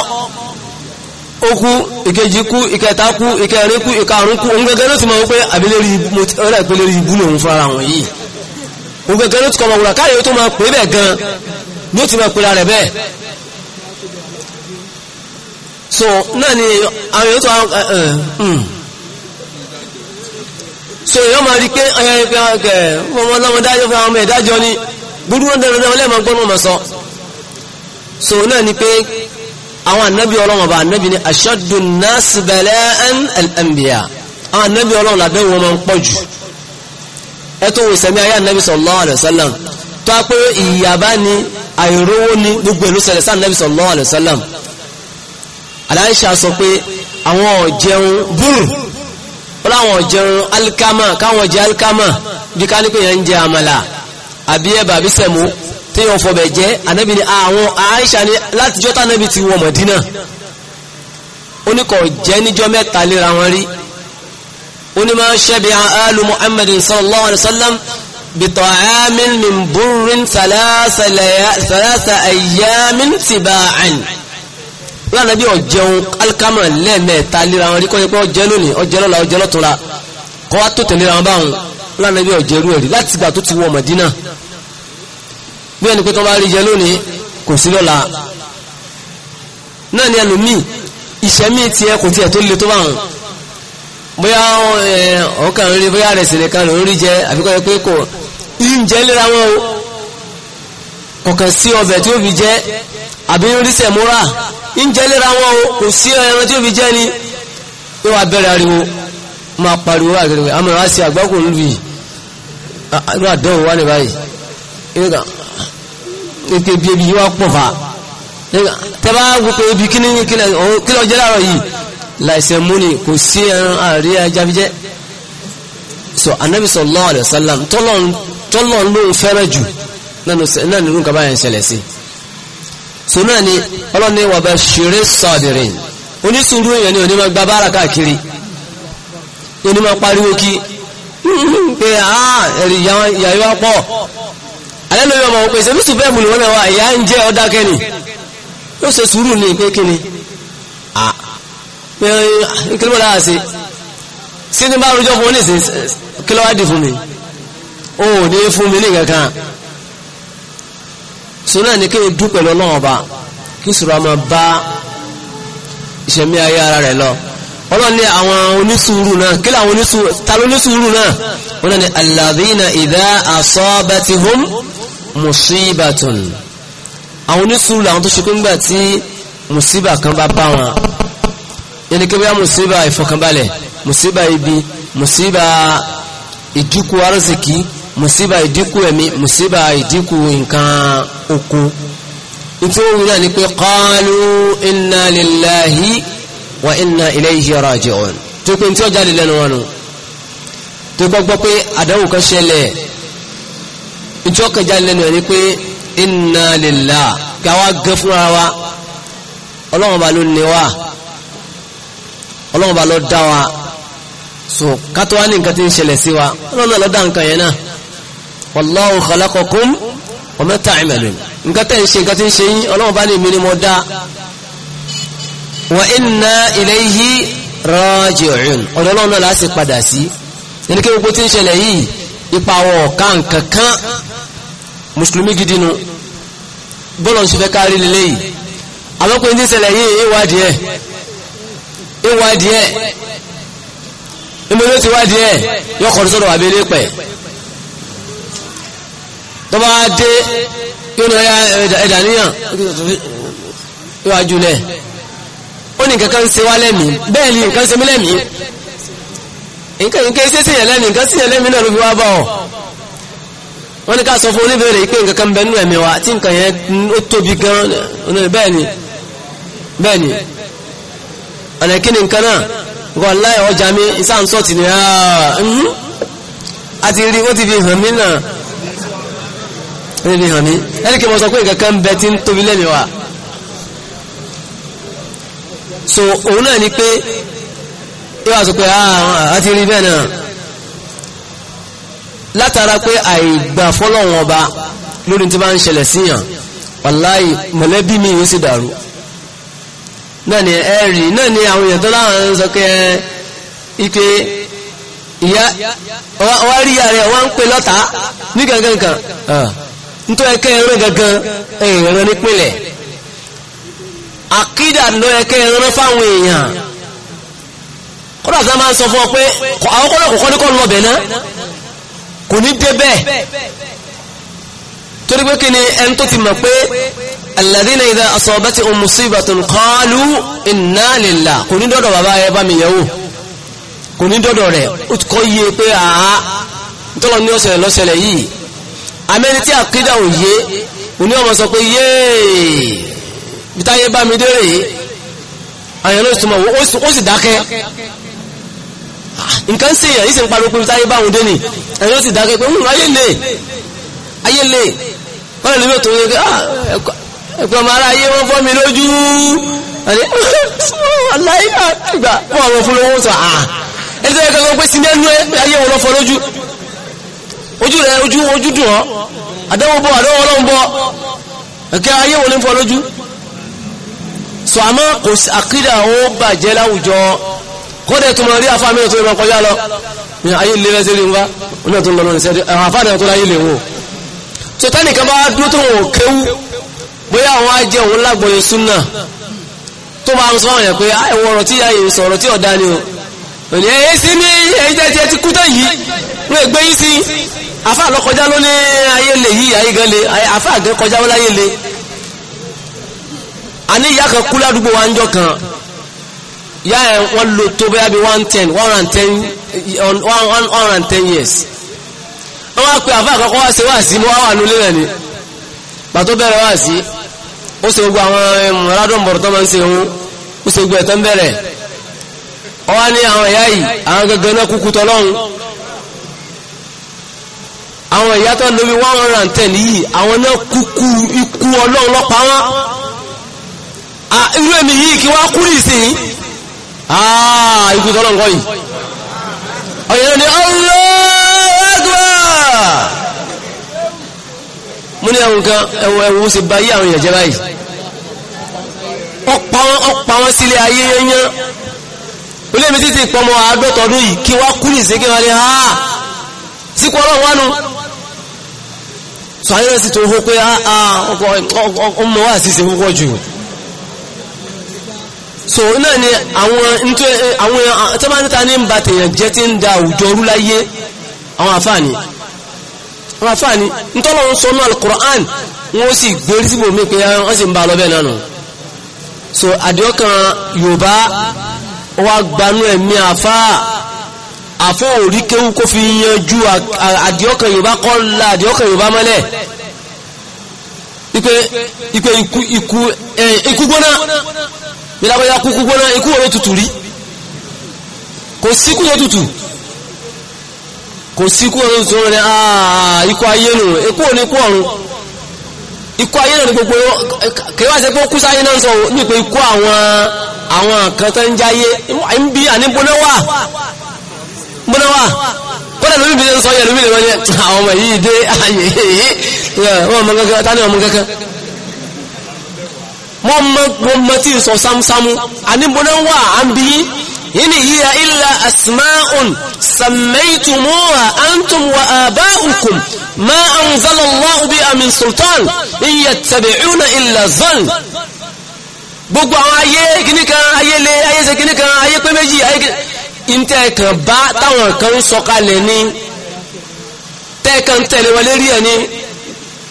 ó kú ìkejì kú ìkẹta kú ìkẹrin kú ìkarùn kú òun gẹ́gẹ́ ló ti mọ̀ wípé àbílérí mo ti ọ̀rẹ́ ìpínlẹ̀ ibú lòun fara wọn yìí òun ti kọ́ wùrà káyọ̀ tó máa pè bẹ́ẹ̀ gan ni ó ti máa pè ra rẹ̀ bẹ́ẹ̀ so náà ni àwọn èèyàn tó hm. so èèyàn máa rí pé ọmọ ọlọ́mọdájọ́ fún àwọn ọmọ ẹ̀dájọ́ ni gbúdúró dandan ọlẹ́mọ̀ gbọ́nà ọmọ sọ so náà ni pé àwọn ànábì ọlọ́run ọba ànábì ni ashaddu an-nas bala'an al-anbiya àwọn ànábì ọlọ́run làbẹ́ wọn máa ń pọ̀ jù ẹ tó wò sẹ́mi ayé ànábì sallallahu alaihi wasallam tó a pé ìyàbá ni àìrówó ni gbogbo ìlú ṣẹlẹ̀ sáà ànábì sallallahu alaihi wasallam aláìṣà sọ pé àwọn ọ̀jẹun búrù ó láwọn ọ̀jẹun alikama káwọn jẹ alikama bí ká ní pé yẹn ń jẹ àmàlà àbí ẹ̀bà àbí sẹ̀mú tí yóò fọbẹ̀ jẹ́ ànábì ni àwọn Aisha ni látijọ́ tánàbì ti wọ Mọ̀dínà ó ní kò jẹ́ níjọ́ mẹ́ta léra wọn rí ó ní máa ń ṣẹ́bi alu Muhammadin sallallahu alayhi wa sallam bitọ̀ámin min burrin salasa ayyamin tiba'an lánàbí ọ̀jẹun alikama lẹ́ẹ̀mẹ́ta léra wọn rí kọ́ ẹ̀pẹ́ ọ̀jẹ́ lónìí ọ̀jẹ́ lọ́la ọ̀jẹ́ lọ́túnra kọ́ wa tó tẹ̀léra wọn báwọn lánàbí ọ̀jẹ́ rú ẹ̀rí láti gbà tó ti wọ Mọ̀dínà bí ẹni pé tó bá rí jẹ lónìí kò sí lọ́la náà ni ẹlòmíì ìṣẹ́mí tiẹ̀ kò tiẹ̀ tó le tó báwọn bóyá ọkàn rí bóyá rẹ̀ sì nìkan ló ń rí jẹ àfikọ́ yẹ pé kò ìjẹ́ lera wọn o kọ̀kan sí ọbẹ̀ tí ó fi jẹ àbí oríṣẹ̀ múra ìjẹ́ lera wọn o kò sí ẹran tí ó fi jẹ ni ó wà bẹ̀rẹ̀ ariwo máa pariwo àgbẹ̀rẹ̀ àmọ́ àti àgbákò ń lu yìí àdánwò wà ní báyìí pé bí ebi yìí wá pọ̀ fà tẹ́bá wò pé ebi kíni kílọ̀ jẹ́ láàrọ̀ yìí láìsẹ̀ múni kò sí ẹran àrí ajáfíjẹ́ so anabi sallallahu alaihi wasallam tọ́lọ̀ ló ń fẹ́rẹ̀ jù náà nínú kaba yẹn ṣẹlẹ̀ sí so náà ni ọlọ́ni wa bashiri sabirin onísùúrù èèyàn ni onímọ̀ gba bára káàkiri onímọ̀ pariwo kí pé ẹ̀rì yàrá pọ̀ alẹ́ lórí ọmọ òun pèsè mítù bẹ́ẹ̀ mú ni wọ́n náà wà ìyá ń jẹ́ ọ̀dá kẹ́ni yóò ṣe sùúrù ní pé kíni kíló láà ṣe sí ní bá rojọ́ fún oníṣẹ́ kíló wá dì fún mi ó ní fún mi ní kankan so náà ni kí n dú pẹ̀lú ọlọ́wọ́n ba kí sùúrù ọmọ bá ìṣẹ̀mí ayé ara rẹ̀ lọ ọlọ́run ní àwọn onísùúrù náà kí làwọn onísùúrù ta ló onísùúrù náà wọ́n ní alladhina idha asabatihum musibatun àwọn onísùúrù làwọn tó ṣe pé ńgbà tí musiba kan bá bá wọn yẹni kí bóyá musiba ìfọkànbalẹ̀ musiba ibi musiba ìdínkù arzikì musiba ìdínkù ẹ̀mí musiba ìdínkù nǹkan oko nítorí wọn náà ni pé qalu inna lillahi wa inna ilayhi raji'un tó pé tí ó jáde lẹ́nu wọn nù tó gbọ́gbọ́ pé àdánwò kan ṣẹlẹ̀ ìjọ kan jáde lẹ́nu ẹ̀ ni pé inna lillahi kí a wá gẹ́ fúnra wa ọlọ́run ọba ló ní wa ọlọ́run ọba ló dá wa so kátó wá ní nǹkan tí ń ṣẹlẹ̀ sí wa ọlọ́run ló dá nǹkan yẹn náà wallahu khalaqakum wa ma ta'malun nǹkan tẹ̀ ń ṣe nǹkan tí ń ṣe yín ọlọ́run ọba ní mi dá wa inna ilayhi raji'un ọ̀dọ̀ ọlọ́run náà láti padà sí ẹni kí gbogbo tí ń ṣẹlẹ̀ yìí ipa àwọn ọ̀ka nǹkan kan mùsùlùmí gidi nu bọ́lọ̀ ń ṣe fẹ́ kárí lélẹ́ yìí àlọ́pẹ́ ní ṣẹlẹ̀ yìí ìwádìí ẹ̀ ìwádìí ẹ̀ ìmọ̀lẹ́ ti ẹ̀ yóò kọ̀ọ̀dọ̀ sọ̀rọ̀ àbẹ́lẹ́ pẹ̀ tọ́ba dé yóò lọ ẹ̀dà níyàn yóò wájú lẹ̀ ó ní nǹkan kan ṣe wá lẹ́mìí bẹ́ẹ̀ ni nǹkan ṣe mí lẹ́mìí nǹkan nǹkan ṣe ṣe yẹn lẹ́mìí nǹkan ṣe yẹn náà ló fi wá bá ọ wọ́n ní ká sọ fún oníbèrè pé nǹkan kan bẹ nínú ẹ̀mí wa tí nǹkan yẹn ó tóbi gan bẹ́ẹ̀ ni bẹ́ẹ̀ ni ọ̀nà kí ni nǹkan náà nǹkan láyọ̀ ọjà mi ìsáǹsọ̀tì ni a ti rí ó ti fi hàn mí náà ó ti fi hàn mí ẹni kí mo sọ pé nǹkan kan bẹ tí ń tóbi lẹ́mìí wa so òun náà ni pé ìwà sọ pé àti ah, rí bẹ́ẹ̀ náà látara pé àìgbà fọ́lọ́wọ́n ọba lórí tí bá ń ṣẹlẹ̀ síyàn wàláì mọ̀lẹ́bí mi yóò sì dàrú náà ni ẹ̀rì náà ni àwọn èèyàn tó láwọn sọ pé ike ìyá wá rí ìyá rẹ̀ wọ́n ń pè lọ́ta ní gangan kan ah, nítorí ẹ̀kẹ́ ẹ̀rọ gangan ẹ̀rọ nípìnlẹ̀ àkídà ló yẹ kẹ́ ẹran fáwọn èèyàn kọ́dà sá máa ń sọ fún ọ pé àwọn kọ́dà kò kọ́dà kọ́ lọ bẹ̀ ná kò ní dé bẹ́ẹ̀ torí pé kí ni ẹni tó ti mọ̀ pé alladhina idha asabatuhum musibatun qalu inna lillahi kò ní dọ́dọ̀ bàbá ẹ bá mi yẹ̀ wò kò ní dọ́dọ̀ rẹ̀ ó ti kọ́ yé pé àá tọ́lọ ní ọ̀sẹ̀lẹ̀ lọ́sẹ̀lẹ̀ yìí amẹ́ni tí àkídà òye òní ọmọ sọ pé yéè bítáyé bá mi dérè àyàn ló sùnmọ̀ ó sì dákẹ́ ah, nǹkan sí èèyàn ìsìn pariwo pé bítáyé bá òun dé àyàn ló sì dákẹ́ pé ń hmm, ayé lè ayé lè wọ́n lè tó yẹ ah, ẹ̀kọ́ ọmọ ara ayé wọ́n fọ́ mi lójú ah, aláìyá ìgbà fún àwọn fún sọ àà ẹni tó yẹ kẹ́kọ́ pé sinmi ẹnu ayé wọn lọ fọ́ lójú ojú rẹ ojú ojú dùn ọ́ àdánwò bọ́ àdánwò ọlọ́run bọ́ ẹ̀kẹ́ ayé wọn ló fọ́ lójú so àmọ́ kò sí àkídà ó bàjẹ́ láwùjọ kódẹ̀ tó máa rí afá mi tó lè máa kọjá lọ ní ayé lè rẹ́ sílé nǹkan oní ọ̀tún lọ́nà ní sẹ́dí àwọn afá náà tó láyé lè wò so tẹ́nìkan bá dúró tó wọn kéwú bóyá àwọn á òun lágbọ̀ọ́yẹ súnà tó máa ń sọ àwọn yẹn pé ah, ọ̀rọ̀ tí yáyè sọ̀rọ̀ tí ọ̀dá ni o òní eh, ẹ̀yẹ́ sí ní ẹ̀yìn jẹ́ tiẹ̀ ti kú tán yìí wọ́n ègbé yìí sí afá lọ kọjá ló ayé lè yìí ayé gan le afá gan kọjá ló láyé le a ní ìyá kan kú ládùúgbò wa ń jọ kan ìyá ẹ̀ wọ́n lo tó bẹ́ẹ̀ bí one ten one and ten one one and ten years wọ́n wá pe àfa àkọ́kọ́ wá ṣe wá sí wọ́n wà nílé rẹ̀ ni pàtó bẹ̀rẹ̀ wá sí ó ṣe gbogbo àwọn aládùnbọ̀rọ̀ tó máa ń ṣe òun ó ṣe gbogbo ẹ̀tọ́ ń bẹ̀rẹ̀ ọ wá ní àwọn ìyá yìí àwọn gẹ́gẹ́ náà kúkú tọ́lọ́run àwọn ìyá tó lórí one hundred and ten yìí àwọn náà kúkú ikú ọlọ́run lọ́pàá wọn. Ah, irú èmi yìí kí wá kú nìsín ah, ikú tọ́lọ̀ nǹkan yìí ọ̀yẹ̀rẹ̀ ni Allahu Akbar mú ní ẹ̀wọ̀n kan ẹ̀wọ̀n ẹ̀wọ̀n sì bá yí àwọn èèyàn jẹ́ báyìí ọ̀pá wọn sílé ayé yẹnyán olè mi títí pọmọ àádọ́ta ọdún yìí kí wá kú nìsín kí wọ́n ní ha ah, sí kú ọlọ́run wánu sọ ayé rẹ̀ sì tó hó pé ọmọ wa sì ṣe púpọ̀ jù so náà ni àwọn nke àwọn níta ní ba tèèyàn jẹ́ tí ń da àwọn àfáàní àwọn àfáàní nítọ́lọ́ ń sọnú alukur'an wọ́n sì gbérí síbò mí pé wọ́n sì ń ba lọ́bẹ̀ náà nù so àdéhùkàn yorùbá wa gbanú ẹ̀mí àfáà àfọ́ òrí kó fi yanjú àdéhùkàn yorùbá kọ́ la àdéhùkàn yorùbá mọ́lẹ̀ ikú gbóná bílábọ́yá kúkú gbóná ikú oró tutù rí kò síkú tó tutù kò síkú oró tutù rẹ̀ àà ah, ikú ayé nù ikú ò ní ikú ọ̀run ikú ayé ní gbogbo kèwà sí pé kú sáyé náà sọ ní pé ikú àwọn àwọn kan tó ń jáyé ń bí lórí sọ yẹ lórí ìrọ̀lẹ́ àwọn ọmọ yìí dé mo mọ tí n sọ sámúsámú àníbóná wà á ń bí yìí hiya illa asma'un sammaytumuha antum wa aba'ukum ma anzala Allahu biha min sultan in yattabi'una illa zann gbogbo àwọn ayé kìníkan ayé lé ayé ṣe kìníkan ayé pé méjì ayé ìntẹ̀kàn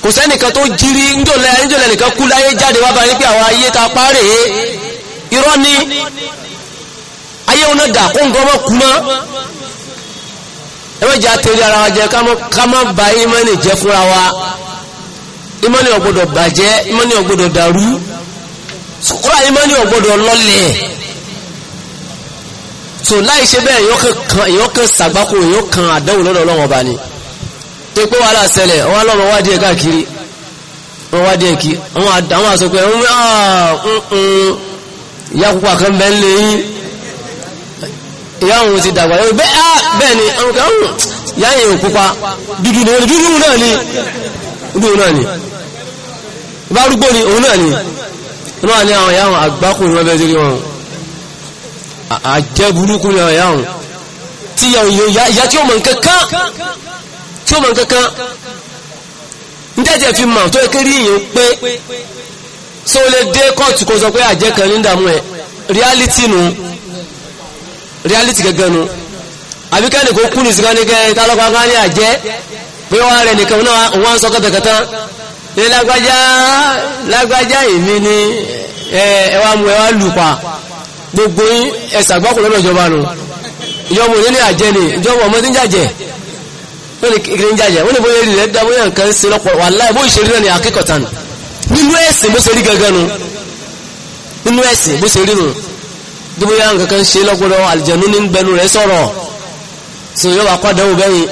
kò sẹ́nìkan tó jírí níjòlẹ̀ níjòlẹ̀ nìkan kú láyé jáde wá báyé pé àwọn ayé ta párè irọ́ ni ayé wọn dà kó nǹkan ọmọ kú mọ́ ẹmọ jẹ́ àtẹ̀lé ara wa jẹ́ ká má ba ìmọ̀nì jẹ́ fúnra wa ìmọ̀nì ò gbọ́dọ̀ bàjẹ́ ìmọ̀nì ò gbọ́dọ̀ dàrú sùkúrà ìmọ̀nì ò lọ́lẹ̀ so láì ṣe bẹ́ẹ̀ èèyàn kan sàgbákò èèyàn kan àdánwò lọ́dọ̀ ọlọ́wọ́n ọba ni tó pé wàhálà ṣẹlẹ̀ wọn lọ́mọ wádìí ẹ̀ káàkiri wọn wádìí ẹ̀ kí àwọn àṣọ pé ìyá púpà kan bẹ́ẹ̀ lè yí ìyá òun ti dàgbà yóò bẹ́ẹ̀ á ah, bẹ́ẹ̀ ni ìyá yẹn ò pupa dúdú ni dúdú náà ni dúdú náà ni ìbá rúgbó ni òun náà ni inú àní àwọn ìyá àwọn àgbákùn ni wọ́n bẹ́ẹ̀ sírí wọn àjẹ́ burúkú ni àwọn ìyá àwọn tí ìyá tí ó mọ̀ nǹkan kan tí kankan ń tẹ́tẹ̀ fi mọ̀ tó kéré èèyàn pé so le dé kóòtù kó sọ pé kan ní ìdààmú ẹ̀ reality nu reality gẹ́gẹ́ nu àbíkẹ́ nìkan kú ní ìsìnká ní kẹ́ tálọ́pàá ká ní àjẹ́ pé wọ́n rẹ̀ nìkan náà wọ́n sọ kẹ́tẹ̀kẹ́tẹ́ ní lágbájá lágbájá èmi ni ẹwà mú ẹwà lùpà gbogbo ẹsàgbọ́kùnrin lọ́jọba nù ìjọba òní ni ìjọba ọmọdé ń wọ́n ní kékeré ń jàjẹ́ wọ́n ní bóyá èrì rẹ̀ dá bóyá nǹkan ń ṣe lọ́pọ̀ wàláhì bó ìṣeré náà ni akẹ́kọ̀ọ́ta nù nínú ẹ̀sìn bó ṣe rí gangan nu nínú ẹ̀sìn bó ṣe rí nu bí bóyá nǹkan kan ń ṣe lọ́pọ̀lọ́ àlìjẹ̀nú ní bẹnu rẹ̀ sọ̀rọ̀ sọ yóò wá bẹ́yìn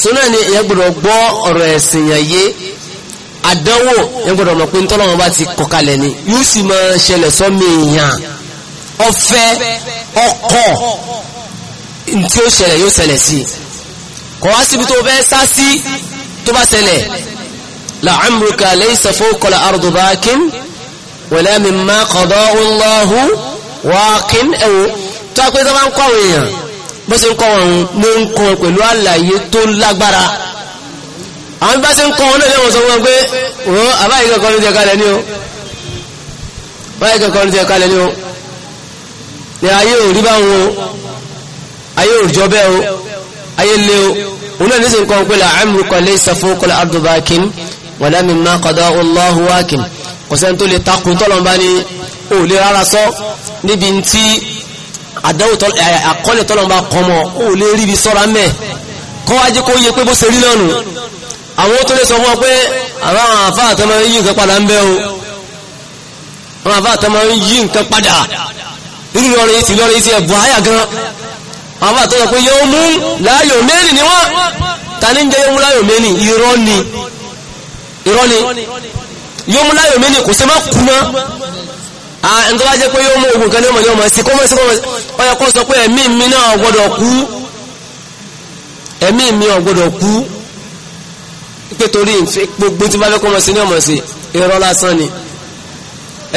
sọ náà ni ìyẹn gbọ́dọ̀ gbọ́ ọ̀rọ̀ ẹ̀sìn yẹn yé àdánwò yẹn gbọ́dọ̀ mọ̀ pé ntọ́lọ́wọ́n bá ti kọ̀kalẹ̀ ni yóò sì máa ṣẹlẹ̀ sọ́mi ọ̀fẹ́ ọkọ̀ tí ó ṣẹlẹ̀ yóò ṣẹlẹ̀ sí i kọ̀ wá síbi tó fẹ́ sá sí tó bá ṣẹlẹ̀ la'amruka laysa fawqa al-ardi bakin wala mimma qadahu Allahu waqin ẹ̀wò tó a pé tó bá ń kọ́ àwọn èèyàn bó ṣe ń kọ́ wọn ló ń kọ́ pẹ̀lú àlàyé tó lágbára àwọn bá ṣe ń kọ́ wọn náà lẹ́wọ̀n sọ wọn pé ó àbáyé kankan ní o báyé kankan ní ayé ò báwọn ayé ò bẹ́ẹ̀ o ayé lé o òun náà nísìnyí kan pẹ̀lú àmì kọlé ìsàfó kọlé abdubakin wàlámi má kọdọ Allahu wakin kò sẹ́ni tó lè takùn tọ́lọ́mbá ni ò lè rárá sọ níbi tí àdáwò àkọlẹ̀ tọ́lọ́mbá kọmọ ò lè ríbi sọ́ra mẹ́ kọ́ ajé kó yẹ pé bó ṣe rí lọ́nu àwọn tó lè sọ fún ọ pé àwọn àfa àtọmọ yí nǹkan padà ń bẹ o àwọn àfa àtọmọ yí nǹkan padà irú lọ́rọ̀ yìí ti lọ́rọ̀ yìí ti ẹ̀bùn àyà gan àwọn àtọ́jọ pé yóò mú láyò mẹ́rin ni wọ́n ta ní jẹ́ yóò mú láyò mẹ́rin irọ́ ni irọ́ ni yóò mú láyò mẹ́rin kò sí má kú mọ́ ẹni tó bá jẹ́ pé yóò mú ogun kan ní ọmọ yóò mọ̀ sí kọ́mọ̀ sí ni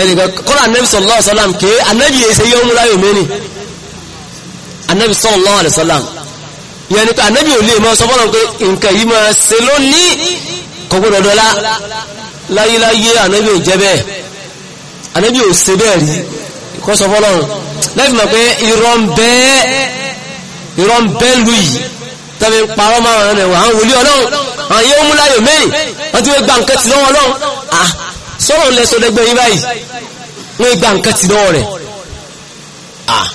ẹnìkan kọ́lá anẹ́bí sallallahu alaihi wasallam kéé anẹ́bí yẹn ṣe anabi sallallahu alaihi wasallam yẹn ni pé anabi ò lè máa sọ fọlọ́n pé nǹkan yìí máa ṣe lónìí kò gbọdọ̀ dọ́lá láyéláyé anabi ò jẹ́ bẹ́ẹ̀ anabi ò ṣe bẹ́ẹ̀ rí kọ́ sọ fọlọ́n láti mọ̀ pé irọ́ ń bẹ́ẹ̀ irọ́ ń bẹ́ẹ̀ lù yìí tàbí parọ́ máa rẹ̀ rẹ̀ wà á ọlọ́run àwọn yóò mú láyò mẹ́rin wọ́n ti wé gba nǹkan ti lọ́wọ́ ọlọ́run à ah, sọ́rọ̀ lẹ́sọ̀dẹ́gbẹ́ yín báyìí wọ́n gba nǹkan ti lọ́wọ́ rẹ̀ à ah,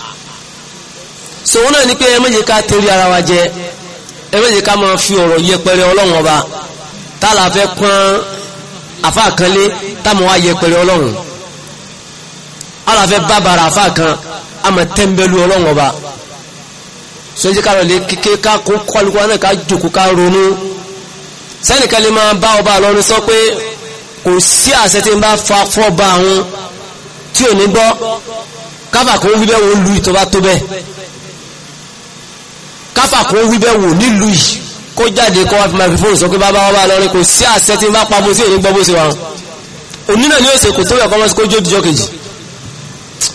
so wọn náà ní pé ẹ méje ká tẹ̀lé ara wa jẹ ẹ méje ká máa fi ọ̀rọ̀ yẹpẹrẹ ọlọ́run ọba tá a là fẹ́ pọ́n àfa kan lé táwọn wá yẹpẹrẹ ọlọ́run a là fẹ́ bàbàrà àfa kan a tẹ́ńbẹ́lú ọlọ́run ọba so ká lọ lé kéke ká kó kọ́lùkọ́ náà ká jòkó ká ronú sẹ́nìkan lè máa bá ọba lọ́nu sọ pé kò sí àṣẹ tí ń bá fa fọ́ ba àwọn tí ò ní gbọ́ káfà kó wíbẹ́ wo lu ìtọ́ba tó bẹ́ẹ̀ káfà kó wí bẹ́ẹ̀ wò nílùú yìí kó jáde kó wá fi microphone sọ pé bá bá wá bá lọ́rin kò sí àṣẹ tí ń bá pa bó sí èyí gbọ́ bó sí wa onínà ni ó ṣe kò tó yẹ kọ́mọ́sí kó jó dijọ́ kejì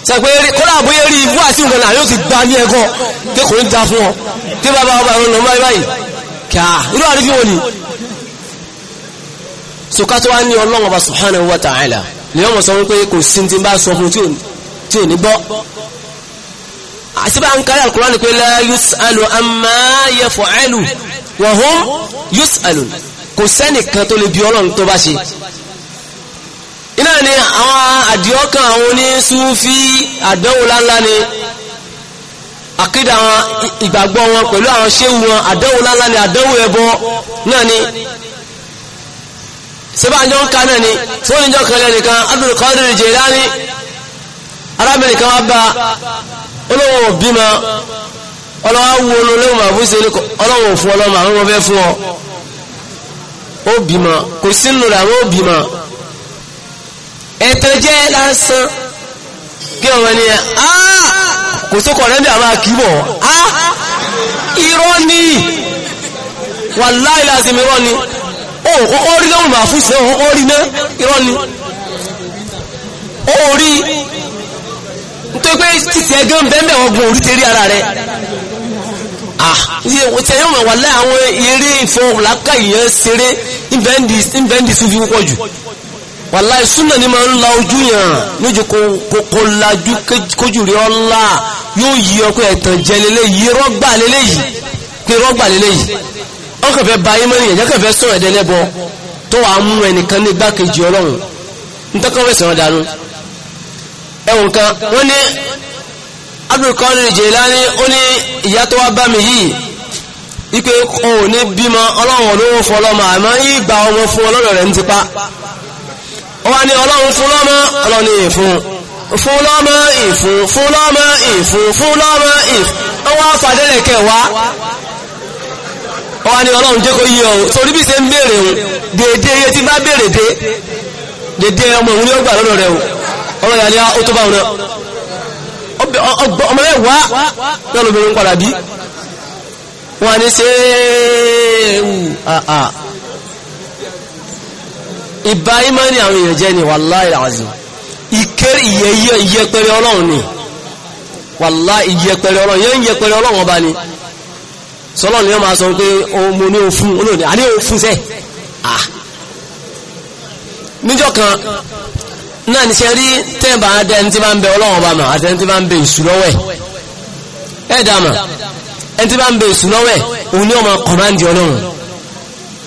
sọ pé kódà bóyá rí ibú àti ìgbọ̀nà yóò ti gba ní ẹ̀gọ́ pé kò ní da fún ọ tí bá bá wá bá lọ́rin lọ́mọ́ báyìí kíá irú àrífín wo ni sọkátó wá ní ọlọ́run ọba subhanahu wa ta'ala ni wọ́n mọ̀ sọ wípé kò sí ti bá sọ fún tí ò ní gbọ́ àṣìbá ń kárí alkùránì pé la yus'alu amma yaf'alu wa hum yus'alun kò sẹ́nìkan tó lè bí ọlọ́run tó bá ṣe iná ni àwọn àdìọ́kàn àwọn onísúfí àdánwò láńlá ni àkídà àwọn ìgbàgbọ́ wọn pẹ̀lú àwọn ṣéwù wọn àdánwò láńlá ni àdánwò ẹbọ náà ni sẹ́bàájọ́ ń ka náà ni tí wọ́n kan lẹ́nìkan Abdul Qadir Jilani arábìnrin kan wá bá olóhùn òbí ma ọlọ́wọ́ wo olóhùn màbúṣe ní ọlọ́wọ́ fún ọlọ́mọ àwọn ọmọ fẹ́ fún ọ ó bí ma kò sínú rẹ̀ àwọn ó bí ma ẹ̀tọ́ jẹ́ lásán kí ọmọ ni ẹ kò tó kọ̀ rẹ́bí àwọn akíbọ̀ irọ́ ni wàláhì lásì mìíràn ni ó kọ́kọ́ rí lóhùn màbúṣe ó kọ́kọ́ náà irọ́ ni ó rí nítorí pé títí ẹgbẹ́ ń bẹ́ẹ̀ wọ́n gun orí tẹ́rí ara rẹ̀ tẹ yóò mọ̀ wà láì àwọn eré ìfọwọ́láka ìyẹn ṣeré ìbẹ́ndì sí fi púpọ̀ jù wà láì súnà máa ń la ojú yàn níjú kò lajú kójú rí ọlá yóò yí ọkọ ẹ̀tàn jẹ lélẹ́yìí rọ́gbà lélẹ́yìí pé rọ́gbà lélẹ́yìí ọkàn fẹ́ ba ayémọ́ nìyẹn jẹ́kàn sọ̀rọ̀ ẹ̀dẹ́ tó wàá mú ẹnìkan ní igbákejì ọlọ́run nítorí kọ́ fẹ́ sọ̀rọ̀ dànù ẹwùn kan wọ́n ní Abdulkadir Jilani ó ní ìyá tó wá bá mi yìí wípé òun ní bímọ ọlọ́run olówó fún ọlọ́mọ àmọ́ yìí gba ọmọ fún ọlọ́rọ̀ rẹ̀ ń tipa ó wá ní ọlọ́run fún lọ́mọ ọlọ́run ní ìfún fún lọ́mọ ìfún fún lọ́mọ ìfún fún lọ́mọ ìfún ó wá fàdélẹ̀ kẹwàá ó wá ní ọlọ́run jẹ́ kó yí ọ torí bí ṣe ń béèrè òun déédéé iye tí bá béèrè dé déédéé ọmọ òun ni ó gbà lọ́dọ̀ rẹ̀ òun ọmọ ìyá ni á ó tó bá wọn náà ọmọ mẹ́wàá náà lóbìnrin ń padà bí wọ́n ní ṣe ewu àà ìbá ìmọ̀ ní àwọn èèyàn jẹ́ ni wallahi alazim ìkéré ìyẹyẹ ìyẹpẹrẹ ọlọ́run ni wallahi ìyẹpẹrẹ ọlọ́run yẹn ń yẹpẹrẹ ọlọ́run ọba ni sọlọ́run ni wọ́n máa sọ pé mo ní òfun olóòní àní òfun sẹ́ níjọ́ kan náà ní ṣe tẹ́ẹ̀bà adẹ́ni tí bá ń bẹ ọlọ́wọ́n mọ̀ àti tí bá ń bẹ èṣù ẹ̀ ẹ̀ dàmà ẹni tí bá ń bẹ èṣù òun ni ọmọ kọ̀máǹdì ọlọ́run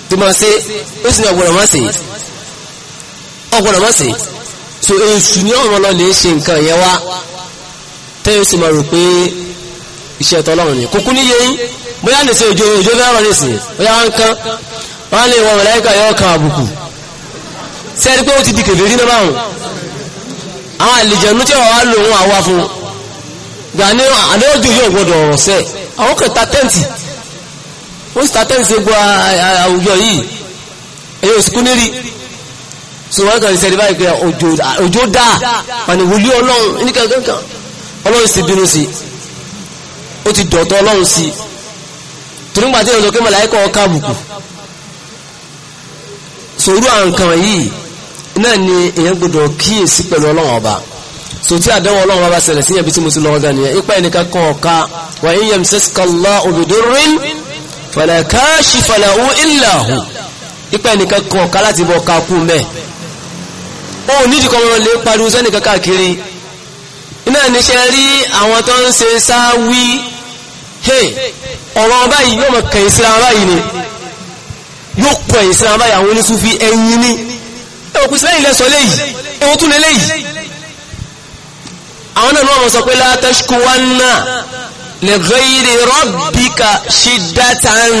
tí mo so èṣù ni lọ lè ṣe nǹkan yẹn wá sì máa rò pé iṣẹ́ ni kúkú yín bóyá òjò òjò fẹ́ràn bóyá wọn kán wọn lè wọ sẹ́rí pé ó ti di kèfèrí náà báwọn àwọn àlìjẹ̀nú tí ọ̀wá lòun àwa fún gbà ní àdéhùjú yóò gbọdọ̀ ọ̀rọ̀ sẹ́ àwọn kẹta tẹ́ǹtì ó sì ta tẹ́ǹtì sí gbọ́ àwùjọ yìí èyí ò sì kú nírí sùgbọ́n kan ìṣẹ́rí báyìí pé òjò dá pàní wòlíì ọlọ́run ní kankan ọlọ́run sì bínú sí ó ti dọ̀tọ̀ ọlọ́run sí torígbà tí ìrọ̀sọ̀ kí mọ̀láyíkọ̀ ọkà àbùkù sòrú àwọn nǹkan yìí náà ni èèyàn gbọdọ̀ kíyèsí pẹ̀lú ọlọ́run ọba so tí àdánwò ọlọ́run ọba ṣẹlẹ̀ sí ẹbí tí mo ti lọ́wọ́ dání ipa ẹnìkan kan ọ̀ka wà ń yẹm sẹ́sìkàlá òbìdúrín fàlàkà ṣìfàlàwò ìlàhù ipa ẹnìkan kan ọ̀ka láti bọ̀ ọ̀ka kú mẹ́ ó nídìí kan wọn lè pariwo sẹ́nìkan káàkiri iná níṣẹ́ rí àwọn tó ń ṣe sáwí ọ̀rọ̀ ọba yìí yóò mọ̀ kẹ̀yìn síra ọba yìí ni yóò kọ̀ ẹ̀wọ̀kù sílẹ̀ ilẹ̀ sọ léyìí ẹ̀wọ̀n tún lélẹ́yìí àwọn náà wọ́n sọ pé látẹ́ṣkú wá náà lè ghayri rabbika shiddatan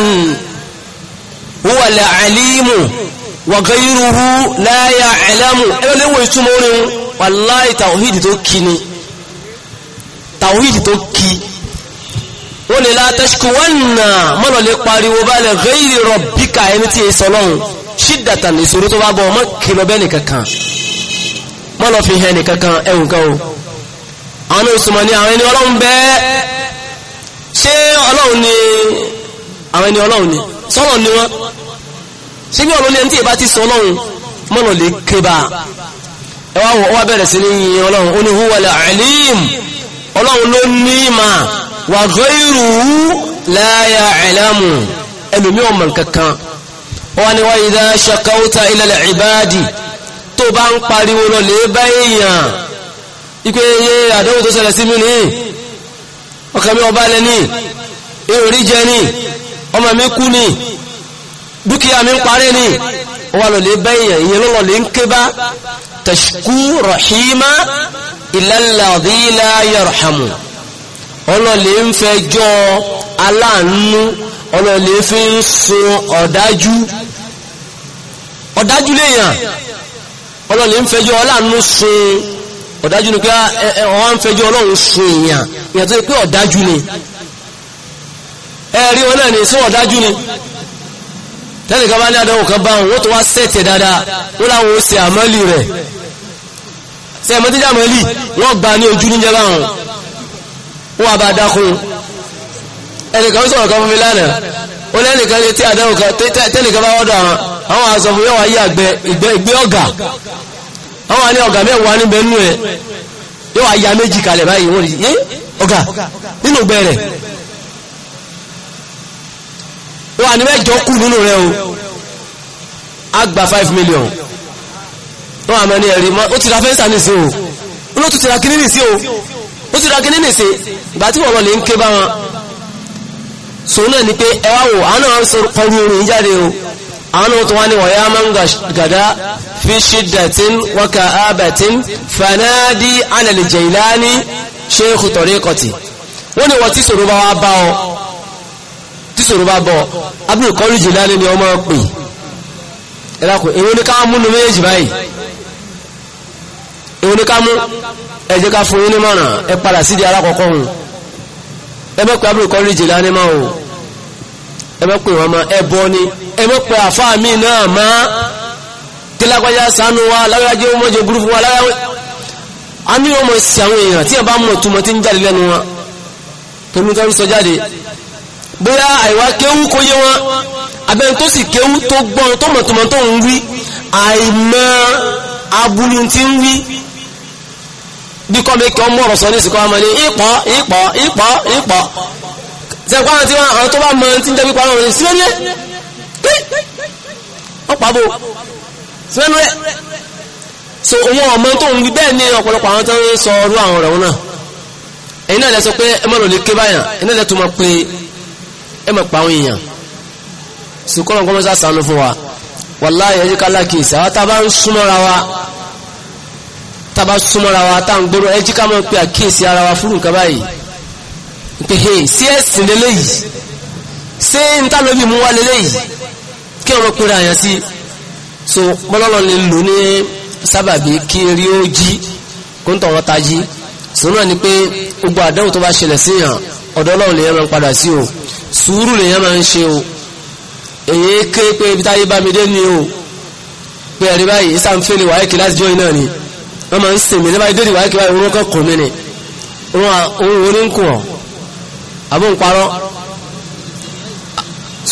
huwa al-alimu wa ghayruhu la ya'lamu ẹ̀wọ̀n lè wọ ìtumọ̀ orin wàláì tàwíìdì tó kí ni tàwíìdì tó kí wọ́n lè látẹ́ṣkú wá náà mọ́nà lè pariwo bá lè ghayri rabbika ẹni tí è sọ lọ́run ṣídàtà nìṣòro tó bá bọ́ ọmọ kìlọ̀ bẹ́ẹ̀ nìkankan mọ́ lọ fi hẹ́ nìkankan ẹ̀hùn kan o àwọn ìsúnmọ̀ ni àwọn ẹni ọlọ́run bẹ́ẹ̀ ṣé ọlọ́run ni àwọn ẹni ọlọ́run ni sọ́lọ̀ ni wọ́n ṣé bí ọlọ́run ẹni tí ìbá ti sọ ọlọ́run mọ́ lọ lè kébà ẹ wá wọ́n bẹ̀rẹ̀ sí ní yin ọlọ́run ó ní huwal alim ọlọ́run ló ní ìmà wa ghayruhu la ya'lamu ẹlòmí ọmọ kankan wọ́n ni wọ́n ìdá ṣakauta ilẹ̀ ìbáàdì tó bá ń pariwo lọ lè bá èèyàn ipé yé àdánwò tó ṣẹlẹ̀ sí mi ní ọkà mi ọba lẹ́ni èorí jẹ ní ọmọ mi kú ní dúkìá mi ń parí ní wọ́n lọ lè bá èèyàn ìyẹn lọ́lọ́ lè ń ké bá tashku rahima ilalladhi la ọlọ́lẹ̀ ń fẹjọ́ aláàánú ọlọ́lẹ̀ fi ń sun ọ̀dájú ọ̀dájú léèyàn ọlọ́ni ń fẹjọ́ ọlọ́run sun ọ̀dájú ni pé ah, ọwọ́ ń fẹjọ́ ọlọ́run sun èèyàn èèyàn tó pé ọ̀dájú ni ẹ̀rí wọn náà ní sí ọ̀dájú ni tẹ́lẹ̀ kan bá ní àdánwò kan bá wọn wọ́n tó wá sẹ́ẹ̀tẹ̀ dáadáa wọ́n láwọn ó ṣe àmọ́lì rẹ̀ ṣe àmọ́tíjà àmọ́lì wọ́n gba ní ojú níjẹ́ báwọn wọ́n àbá dákun ẹnìkan sọ̀rọ̀ kan fún mi lánàá ó lẹ́nìkan tí àdáwò tẹ́nìkan bá wọ́dọ̀ àwọn àwọn aṣọ fún yí àgbẹ̀ ìgbé ọ̀gà àwọn àní ọ̀gà mẹ́wàá níbẹ̀ nú ẹ̀ bẹ wá ya méjì kalẹ̀ báyìí wọ́n yé ọ̀gà nínú gbẹ wọ́n àní mẹ́jọ kù nínú rẹ̀ o five million wọ́n àmọ́ ní ẹ̀rí ó ti ra ní sí o ti ra ní o ó ti ra ní sí ìgbà tí so náà ni pé ẹwà wò àwọn náà kọrú orin jáde o àwọn náà tó wá ní wọ̀nyá máa ń gàdá fi ṣídàtín wákà ábàtín fanáàdì alẹ́lẹ̀jẹ̀ ìlànì ṣe kùtọ̀rí kọ̀tì wọ́n ni wọ́n tí sòrò bá wá bá ọ tí sòrò bá bọ̀ abdul kọlu jìlánì ni ọmọ pè ẹ̀dàkùn èwo ni ká mú nu méjì báyìí èwo ni ká mú ẹ̀jẹ̀ ká fún yín ní mọ̀ràn ẹ padà sídìí alákọ̀ọ́kọ́ hùn ẹmọ́ pé abúrò kọ́lù jìlá ní máa o ẹmọ́ pé wọn máa ẹbọ ni ẹmọ́ pé àfáà mi náà máa kílágbájá sánú wa lágbájá ó mọ́jọ gúrúfù wa lágbájá a ní ọmọ sí àwọn èèyàn tí wọn bá mọ̀ túmọ̀ tí ń jáde lẹ́nu wọn pẹ̀lú tó ń sọ jáde bóyá àìwá kéwú kó yé wọn abẹ́ni tó sì kéwú tó gbọ́n tó mọ̀ túmọ̀ tó ń wí àìmọ̀ abúlé ti ń wí bí kọ́ mi kí ọ mọ̀rọ̀ sọ ní ìsìnkú ọmọ ní ìpọ̀ ìpọ̀ ìpọ̀ ìpọ̀ sẹ́kọ̀ àwọn tí wọ́n àwọn tó bá mọ tí ń jẹ́ pípa wọn sí lórí ẹ̀ wọ́n pàbò sí lórí ẹ̀ so òun ọmọ tó ń bẹ́ẹ̀ ní ọ̀pọ̀lọpọ̀ àwọn tó ń sọ ọrú àwọn ọ̀rọ̀ náà ẹ̀yin náà lẹ sọ pé ẹ mọ̀rọ̀ lè ké báyà ẹ̀yin náà lẹ tó mọ̀ pé ẹ mọ̀ pa àwọn èèyàn sùkọ́lọ̀ kọ́mọ́sá sànú fún wa wàláyé ẹ̀yíkálá kìí sàwátá bá ń tàbá súnmọ́ra wa tá à ń gbóró ẹ jí ká mọ́ pé àkíyèsí ara wa fúrú nǹkan báyìí pé hey sí ẹ̀sìn lélẹ́yìí ṣé n tá lóbi mú wá lélẹ́yìí kí ọmọ pèrè àyàn sí so bọ́lọ́lọ́ lè lò ní sábàbí kí eré ó jí kó ń tọ̀wọ́ ta jí sọ náà ni pé gbogbo àdéhùn tó bá ṣẹlẹ̀ síyàn ọ̀dọ̀ ọlọ́run lèyàn máa ń padà sí o sùúrù lèyàn máa ń ṣe o èyí ké pé ibi táyé bá mi dé ni o pé ẹ̀rí báyìí sáà ń fẹ́lẹ̀ wáyé kí láti jọ́ iná ni wọ́n máa ń sìn mí ìdérí wáyé kí wáyé orúkọ kò mí ni òun ò ní ń kùn ọ́ àbó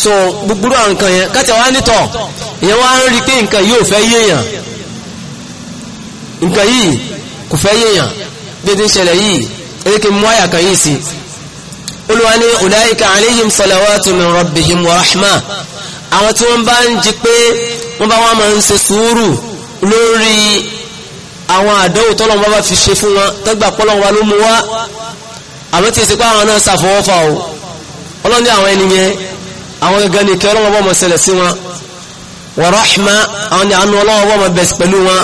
so gbogbo àwọn nǹkan yẹn káti àwọn anítọ̀ ìyẹn wá ń rí pé nǹkan yóò fẹ́ yéèyàn nǹkan yìí kò fẹ́ yéèyàn bí ti ń ṣẹlẹ̀ yìí eréke mú àyà kan yìí sí olúwa ní ulaika alayhim salawatu min rabbihim wa rahma àwọn tí wọ́n bá ń jí pé wọ́n bá wọ́n máa ń ṣe sùúrù lórí àwọn àdánwò tọ́lọ́n bá bá fi ṣe fún wọn tọ́gbà pọ́lọ́n wa ló mú wá àmọ́ tí ìsìnkú àwọn náà ṣàfọwọ́fà o ọlọ́ni àwọn ènìyàn àwọn gangan ní kí ọlọ́wọ́ bọ́ mọ̀ ṣẹlẹ̀ sí wọn wa rahma àwọn ni àánú ọlọ́wọ́ bọ́ mọ̀ bẹ̀ pẹ̀lú wọn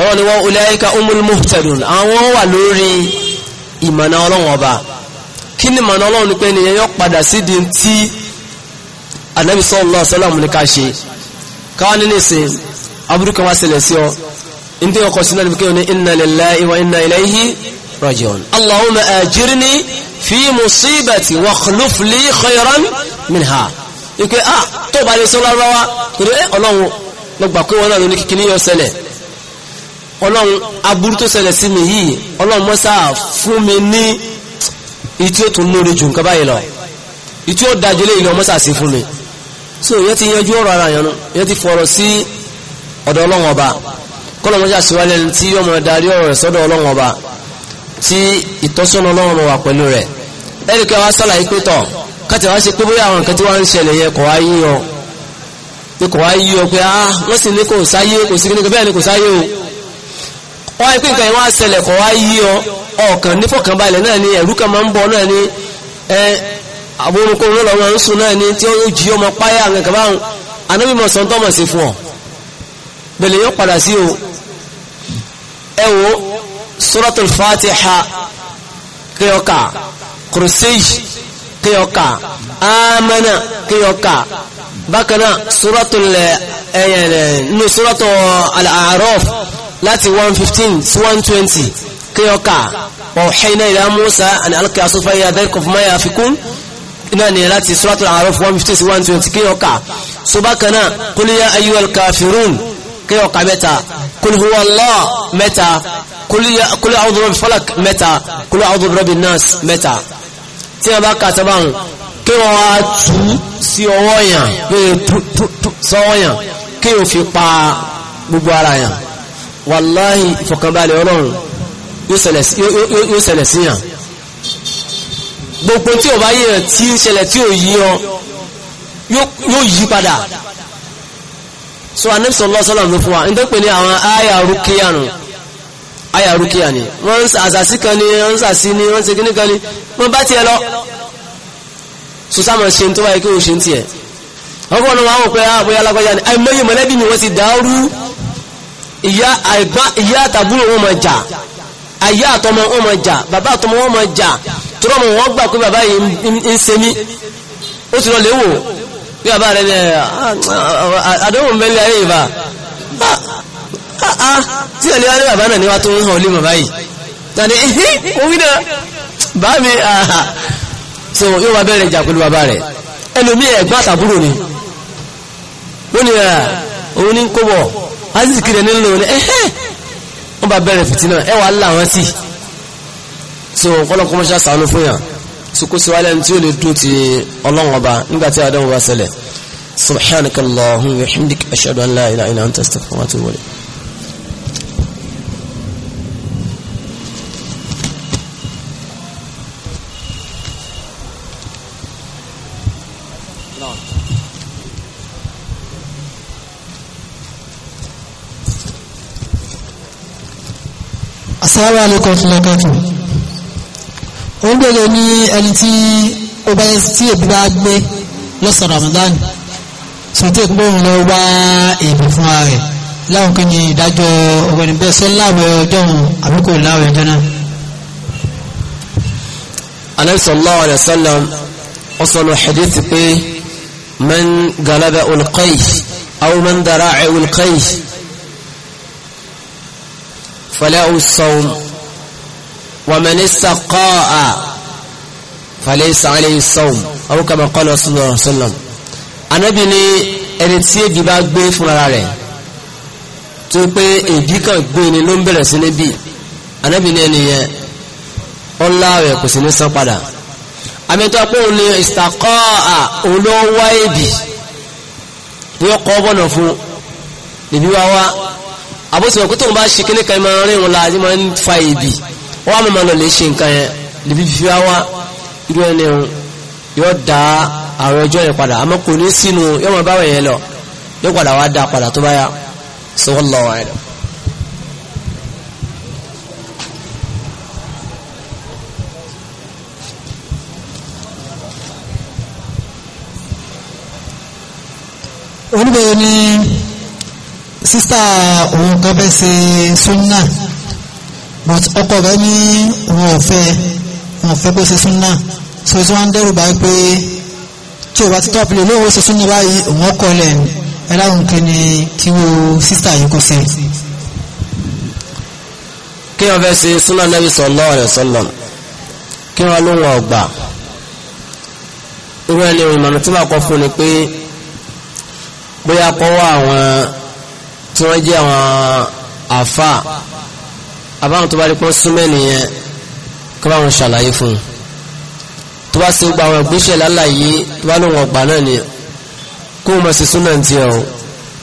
ọlọ́ni wọn ulaika umul muhtadun àwọn wà lórí ìmọ̀nà ọlọ́wọ́ ọba kí ni ìmọ̀nà ọlọ́wọ́ ni pé ènìyàn yọ انت يقصنا المكيون إنا لله وإنا إليه راجعون اللهم آجرني في مصيبتي واخلف لي خيرا منها يقول آه طب عليه الصلاة والسلام يقول إيه الله نقبقوا ولا نككني يوسلي ọlọ́run aburú tó ṣẹlẹ̀ sí mi yìí ọlọ́run mọ́sá fún mi ní ìtí ó tún lórí jù nǹkan báyìí lọ ìtí ó dájú lé ìlú mọ́sá sí fún mi so ìyẹn ti yanjú ọ̀rọ̀ ara yẹn nu ìyẹn ti fọ̀rọ̀ sí ọ̀dọ̀ ọlọ́run ọba kọ́lọ̀mọ́já ṣíwálẹ̀ tí yọ́ mọ̀ darí ọ̀rọ̀ sọ́dọ̀ ọlọ́run ọba tí ìtọ́sọ́nà ọlọ́run wà pẹ̀lú rẹ̀ ẹnìkan wá sọ́làyé pé tọ̀ káti wá ṣe pé bóyá àwọn nǹkan tí wọ́n ń ṣẹlẹ̀ yẹn kò wá yí ọ pé wá yí pé ah wọ́n sì ní kò sáyé kò sí kíníkan bẹ́ẹ̀ ni kò sáyé o wọ́n á pé nǹkan yẹn wá ṣẹlẹ̀ kò wá yí ọ ọkàn nífọ̀kànbalẹ̀ náà ni ẹ̀rú kan máa ń bọ̀ náà ni ẹ àbórúkọ òun lọ́wọ́ ń sùn náà ni tí ó jí ọmọ páyà nǹkan báwọn anábìmọ̀ sọ́ńtọ́mọ̀ sí fún ọ bẹ̀lẹ̀ yóò padà sí o ẹ wo suratul fatiha kíyọ̀ká kùrùsíyì kíyọ̀ká amana kíyọ̀ká bákaná suratul ẹ̀yẹ̀rẹ̀ suratul al-a'raf láti 115 sí 120 kíyọ̀ká ọ̀hẹ́nà ìlà musa àni alkiyar sọfà yà dẹ́kọ̀f máyà fikún náà ni láti suratul a'raf 115 sí 120 kíyọ̀ká so bákaná kúlíyà ayyuhal kafirun kí ọkà mẹ́ta kul huwa Allah mẹ́ta kul a'udhu bi falak mẹ́ta kul a'udhu bi nas mẹ́ta tí a bá kà sábàrún kí wọ́n wá tú sí ọwọ́ yàn pé sọ́wọ́ yàn kí o fi pa gbogbo ara yàn wàláhì ìfọ̀kànbalẹ̀ ọlọ́run yóò ṣẹlẹ̀ sí yàn gbogbo tí o bá yẹ tí ń tí o yí ọ yóò yí padà so anabi sallallahu alaihi wasallam ló fún wa n tó pè ní àwọn aya rukiya nù aya rukiya ni wọ́n ń àṣàṣì kan ni wọ́n ń ṣàṣì ni wọ́n ń segin kan ni wọ́n bá tiẹ̀ lọ sùsàmọ̀ ṣe ń tó báyìí kí o ṣe ń tiẹ̀ ọkọ̀ ọ̀nà wọn pé àbóyá ah, alágbájá ni àìmọye mọ̀lẹ́bí ni wọ́n ti dàrú ìyá àìgbá ìyá àtàbúrò wọn máa jà àyá àtọmọ wọn máa jà bàbá àtọmọ wọn máa jà tọrọmọ wọn gbà pé bàbá yìí ń ṣe mí ó ti lọ léwò bí bàbá rẹ̀ ní àdéhùn mẹ́lẹ̀ ayé ìbá tí ẹ̀lẹ́ wá ní bàbá náà níwá tó ń hàn olè bàbá yìí tàbí ìhí orí náà bá mi àhà ah, ah. so yóò wá bẹ̀rẹ̀ ìjà pẹ̀lú bàbá rẹ̀ ẹlòmí ẹ̀gbọ́n e àtàbúrò ni ó ní ẹ̀ ah, òun ní kó bọ̀ azizikì rẹ̀ nílò ní ẹ̀hẹ́ eh, eh. wọ́n bá bẹ̀rẹ̀ fìtínà ẹwà e láwọn sí so kọ́lọ́kọ́ mọ́ṣá sàánú fún yàn sukusi wa lẹ́nu tí ó lè dúró ti ọlọ́run ọba nígbà tí àdánwò bá ṣẹlẹ̀ subhanaka allahumma wa hamdika ashhadu an la ilaha illa anta astaghfiruka wa atubu ilayk. Assalamu wa rahmatullahi wa barakatuh òun bẹ̀rẹ̀ ní ẹni tí ó bá yẹ tí èbí bá gbé lọ́sàn Ramadan tó tí èkó bóun lọ wá èbí fún ara rẹ̀ láwọn kan ní ìdájọ́ ọ̀gbẹ́ni bẹ́ẹ̀ sọ láwẹ̀ ọjọ́ òun àbí kò láwẹ̀ ọjọ́ náà. Ànábì sallallahu alaihi wasallam ó sọ lọ hadith pé man galaba al aw man dara'a al-qayh falahu ومن استقاء فليس عليه الصوم أو كما قال صلى الله عليه وسلم Ànábì ní ẹni tí èdì bá gbé fúnra rẹ̀ tó pé èdì kan gbé ni ló ń bẹ̀rẹ̀ sí ní bí Ànábì ní ẹni yẹn ó láwẹ̀ kò sí ní san padà àmìtọ́ pé òun ni ìsàkọ́ à òun ló wá èdì bí ó kọ́ bọ̀nà fún ìbí wa wá àbóṣe òkú tó ń bá ṣe kíníkan máa ń rìn wọn láti máa ń fa èdì wọ́n á mọ̀ lọ lè ṣe nǹkan yẹn lè fi fi wá irú ẹni òun yóò da àwọn ọjọ́ yẹn padà àmọ́ kò ní sínú yóò báwọn yẹn lọ yóò padà wá da padà tó bá yá sọ lọ wọ́n yẹn lọ. oníbẹ̀rẹ̀ ni sísá òun kan fẹ́ ṣe sunna but ọkọ rẹ̀ ní wọn ò fẹ́ wọn ò fẹ́ kó ṣe súnà so tí wọ́n ń dẹ́rù báyìí pé tí o bá ti tọ́pù lè lóòwò ṣe súnà báyìí òun ọkọ lẹ̀ ẹláhùn kí ni kí wo sísà yìí kó ṣe. kí wọ́n fẹ́ ṣe súnà Nabi sallallahu alaihi wasallam kí wọ́n lóhùn ọgbà irú ẹni ìmọ̀ràn tí màá kọ́ fún ni pé bóyá kọ́ wá àwọn tí wọ́n jẹ́ àwọn àfáà àbáwọn tó bá rí pọ́n súnmọ́ nìyẹn kó bá wọn ṣàlàyé fún un tó bá sì gba àwọn ìgbésẹ̀ lálàyé tó bá lóun ọgbà náà ni kó o mọ̀ sí súnmọ́ ti ọ̀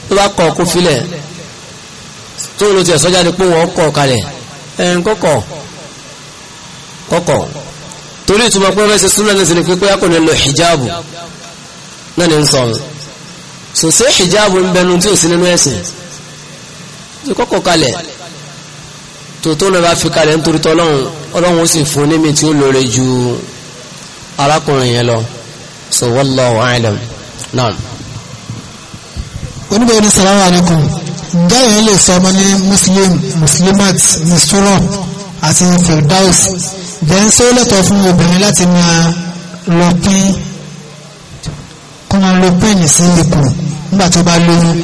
tó bá kọ̀ kó filẹ̀ tó o lo tiẹ̀ sọ́jà ni pé wọ́n kọ̀ kalẹ̀ ẹ̀ ń kọ́kọ̀ kọ́kọ̀ torí ìtumọ̀ pé wọ́n fẹ́ ṣe súnmọ́ ní sinmi pípé akọni lo hijabu náà ni ń sọ sòsè hijabu ń bẹnu tí ò sí nínú ẹ̀sìn tó kọ́kọ̀ kalẹ̀ tòótọ́ náà bá fi kalẹ̀ nítorí tọ́lọ́hún ọlọ́hún ó sì fún nímì tí ó lóore ju arákùnrin yẹn lọ so wallahu a'lam náà. oníbẹ̀rẹ̀ ní salamu alaykum ǹjẹ́ èèyàn lè sọ ọmọ ní muslim muslimat mistura àti firdaus bẹ́ẹ̀ ṣé ó lẹ́tọ̀ọ́ fún obìnrin láti máa lọ pín kó máa lo pín sí ipò nígbà tó bá lóyún.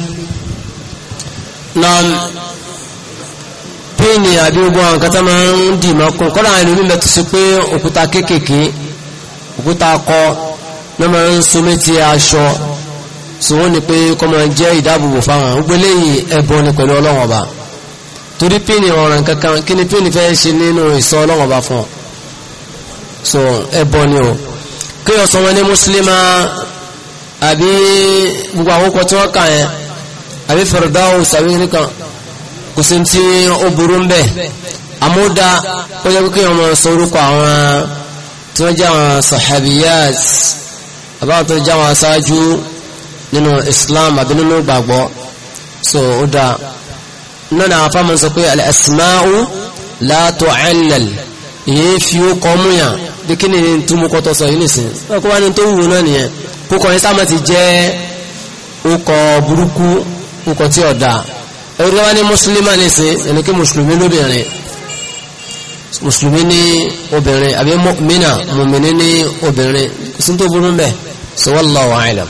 náà píìnì àbí gbogbo àwọn nǹkan tó máa ń dì mọ́kùn kọ́ra àwọn ìlú mẹ́tò sí pé òkúta kéékèèké òkúta akọ ló máa ń so méjì aṣọ tí wọ́n ní pé kọ́ máa jẹ́ ìdáàbòbò fáwọn gbogbo eléyìí ẹ̀bọ ni pẹ̀lú ọlọ́wọ́n ọba torí píìnì ọ̀ràn kankan kí ni píìnì fẹ́ ṣe nínú ìsọ ọlọ́wọ́n ọba fún ọ so ẹ̀bọ ni o kí ọ̀sọ wọn ní mùsùlùmá àbí gbogbo àwọn kọ tí wọ́n kà yẹn àbí fẹ̀rẹ̀dáwò kò sí tí ó burú ń bẹ̀ àmúdá ó yẹ kí ọmọ sọ orúkọ àwọn tí wọ́n jẹ́ àwọn sahabiyat àbáwọn tó jẹ́ àwọn aṣáájú nínú islam àbí nínú gbàgbọ́ so ó dá náà ni àwọn fáwọn sọ pé al-asma'u la tu'allal èyí fi ó kọ́ múyàn bí kí ni tó mú kọ́ tó sọ yìí nìsín ọkọ wa ni tó wù náà nìyẹn kókọ yín sáà ti jẹ́ ó kọ burúkú ó kọ tí ọ̀dà ẹ̀rí wá ní mùsùlùmí ní sin ẹni kí mùsùlùmí lóbìnrin mùsùlùmí ní obìnrin àbí mọ́mìnà mùmìnì ní obìnrin sí tó burú mẹ́ sọ wallahu a'lam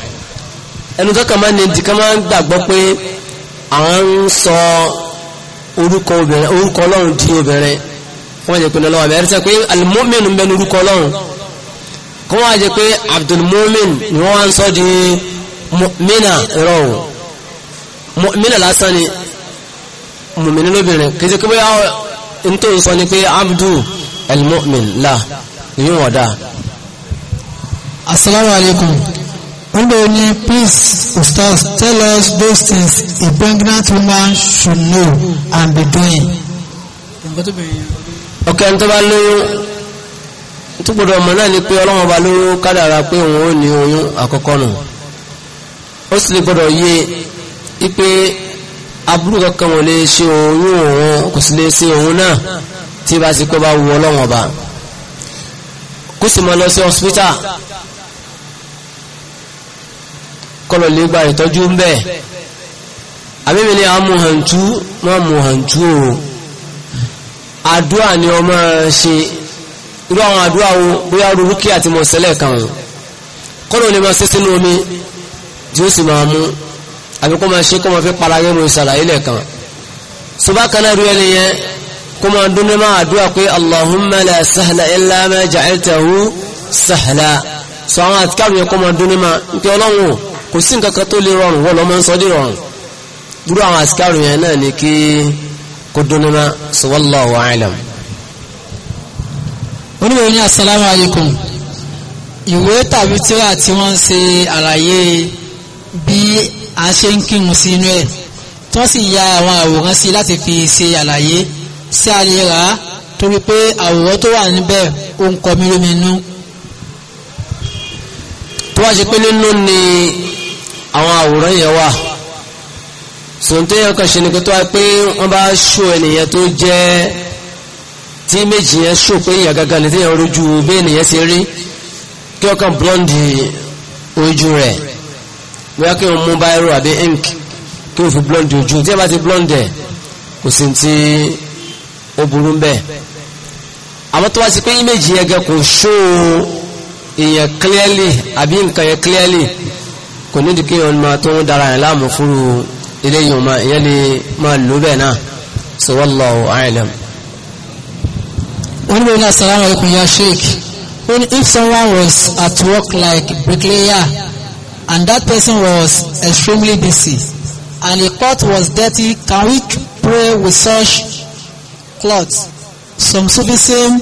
ẹnu tó kàmá ní ti kàmá gbàgbọ́ pé àwọn ń sọ orúkọ obìnrin orúkọ ọlọ́run di obìnrin wọ́n jẹ́ pé lọ́wọ́ àbẹ̀rẹ̀ sẹ́ pé al-mu'min ń orúkọ ọlọ́run kó wọ́n jẹ́ pé abdulmumin ni wọ́n mùmìnì lóbìnrin kìí ṣe kí bóyá n tó sọ ni pé abdu elmumin la ìyún wọ̀dá. asalaamu alaykum wọ́n bẹ̀rẹ̀ ní please ustaz tell us those things a pregnant woman should know and be doing. ok n tó bá lóyún tó gbọdọ̀ ọmọ náà ni pé ọlọ́wọ́n bá lóró kádàrà pé òun ò ní oyún àkọ́kọ́ nù ó sì lè gbọdọ̀ yé i aburú kankan wọn lè ṣe oyún òun kò sì lè ṣe òun náà tí bá ti kọ́ bá wu ọlọ́wọ́n ọba kó sì máa lọ sí hospital kọlọ lè gba ìtọ́jú ń bẹ̀ àbẹ́mi ni àwọn mọ̀hàntú wọ́n mọ̀hàntú o àdúrà ni ọmọ ṣe irú àwọn àdúrà wo bóyá rúrúkí àti mọ̀sẹ́lẹ̀ kan kọlọ lè máa ṣe sínú omi tí ó sì máa mú àbí kó máa ṣe kó máa fi palayé mu ìsàlàyé lẹ́ẹ̀kan ṣùgbọ́n kan náà rí ẹni yẹn kó máa dúnni máa àdúrà pé allahumma la sahla illa ma ja'altahu sahla sọ àwọn àtikáàrù yẹn kó máa dúnni máa ń pẹ́ ọlọ́run kò sí nǹkan kan tó lè rọrùn wọ́n lọ́ máa ń sọ dé rọrùn dúró àwọn àtikáàrù yẹn náà ni kí kó dúnni máa sọ wallahu a'lam. oníwèé ní asalaamu ìwé tàbí tíra tí wọ́n ń ṣe àlàyé bí à ń ṣe ń kírun sí ẹ̀ tí sì ya àwọn àwòrán sí láti fi ṣe àlàyé sí àlera torí pé àwòrán tó wà níbẹ̀ ó ń kọ mí lómi inú. tó wá ṣe pé nínú ni àwọn àwòrán yẹn wà sòǹtẹ́ yẹn kan ṣe ni tó wá pé wọ́n bá ṣó ẹnìyẹn tó jẹ́ tí méjì yẹn ṣó pé èèyàn gangan ní tí yẹn rojú bẹ́ẹ̀ nìyẹn ṣe rí kí ọkàn blọ́ndì ojú rẹ̀ bóyá kí wọ́n mú báírò àbí ink kí wọ́n fi blonde ojú tí ẹ bá ti blonde kò sí ti ó burú bẹ́ẹ̀ àmọ́ tó wá sí pé image yẹn gẹ kò ṣó èèyàn clearly àbí nǹkan yẹn clearly kò nídìí kí wọ́n máa tó ń dara yẹn láàmú fúru eléyìí ọmọ ìyẹn lè máa lò bẹ́ẹ̀ náà so wallahu a'lam. One minute, assalamu alaikum, ya Sheikh. When if someone was at work like bricklayer and that person was extremely busy and the cloth was dirty can we pray with such cloth some Sufism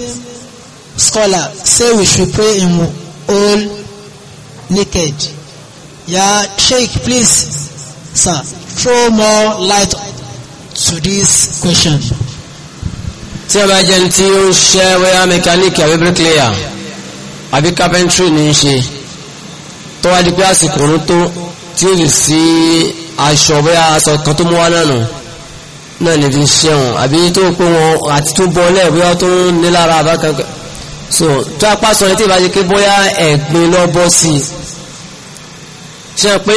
scholar say we should pray in all naked ya sheikh please sir throw more light to this question. tí a bá jẹ́ ní tí ó ń ṣe wẹ́yà mẹkáníìkì àbí bíríkìlẹ́yà àbí kápẹ́ntìrì ní í ṣe tó wá di pé àsìkò ọ̀run tó tí ó lè sí aṣọ bóyá aṣọ kan tó mú wá náà nù náà lè fi ṣẹ̀wọ̀n àbí tó pé wọn àti tó bọ́ lẹ́ẹ̀ bóyá tó ń ní lára àbákan so tó apá sọ létí ìbájú pé bóyá ẹ̀gbin lọ bọ́ sí i ṣe pé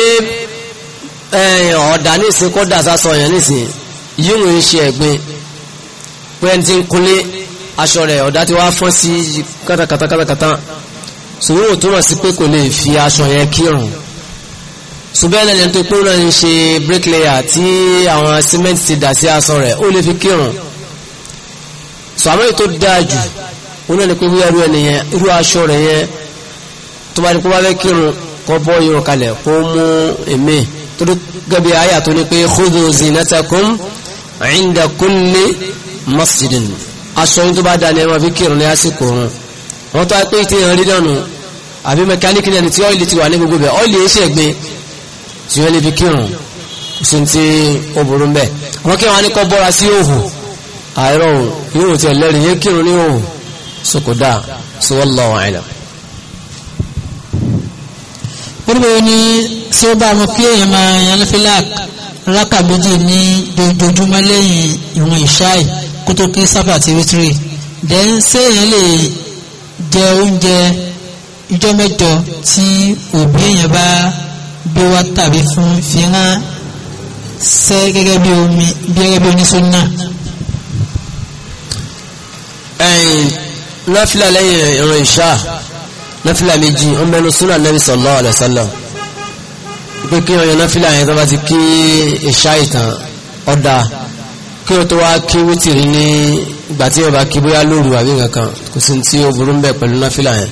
ọ̀dà nísìn kó dà sásọ yẹn nísìn yíò ń ṣe ẹ̀gbin pé ẹni tí ń kunlé aṣọ rẹ̀ ọ̀dà tí wàá fọ́n sí kátàkátà kátàkátà sòwò ò túmọ̀ sí pé kò lè fi aṣọ yẹn kírun sùbẹ́ẹ̀lẹ̀ lẹ́nu tó pé ó náà ń ṣe bricklayer tí àwọn cement ti dà sí aṣọ rẹ̀ ó lè fi kírun sọ̀rọ̀ ètò dáa jù ó náà ní pé wíwá irú ẹnìyẹn irú aṣọ rẹ̀ yẹn tó bá ní kó bá fẹ́ kírun kó bọ́ irun kalẹ̀ kó mú èmi torí gẹ́gẹ́ ayé àtò ní pé khudhu zinatakum inda kulli masjidin aṣọ yín tó bá dá ní ẹ máa fi kírun ní àsìkò wọ́n tó pé tí ìran rí dànù àbí mẹkáníkì náà tí ọ́ìlì ti wà ní gbogbo bẹ̀ ọ́ìlì ẹ̀ṣẹ̀ gbé tí wọ́n lè fi kírun sí ti obìnrin ń bẹ̀ wọ́n kí wọ́n á ní kọ́ bọ́ra sí òhù àìrọ̀ òhù yóò tẹ̀ lẹ́rìí yẹn kírun ní òhù sókòdá wallahu a'lam. Bíbí ní tí ó bá mọ̀ pé èèyàn máa yan lọ́fílà rákà ní dojoojúmọ́ lẹ́yìn ìwọ̀n ìṣáì kó kí sábà ti wítírì. Dẹ́n ṣé èèyàn lè jẹ oúnjẹ ìjọ́ mẹ́jọ tí òbí èèyàn bá gbé wá tàbí fún fi rán sẹ́ gẹ́gẹ́ bí omi gẹ́gẹ́ bí oníṣúná. ẹ̀yìn náfìlà lẹ́yìn ìran ìṣá náfìlà méjì ó mẹ́nu súnà Nabi sallallahu alaihi wasallam pé kí ọyàn náfìlà yẹn tó bá ti kí ìṣá ìtàn ọ̀dà kí o tó wá kí wítìrì ní ìgbà tí yóò bá kí bóyá lóru àbí kankan kò sí tí ó burú ń bẹ̀ pẹ̀lú náfìlà yẹn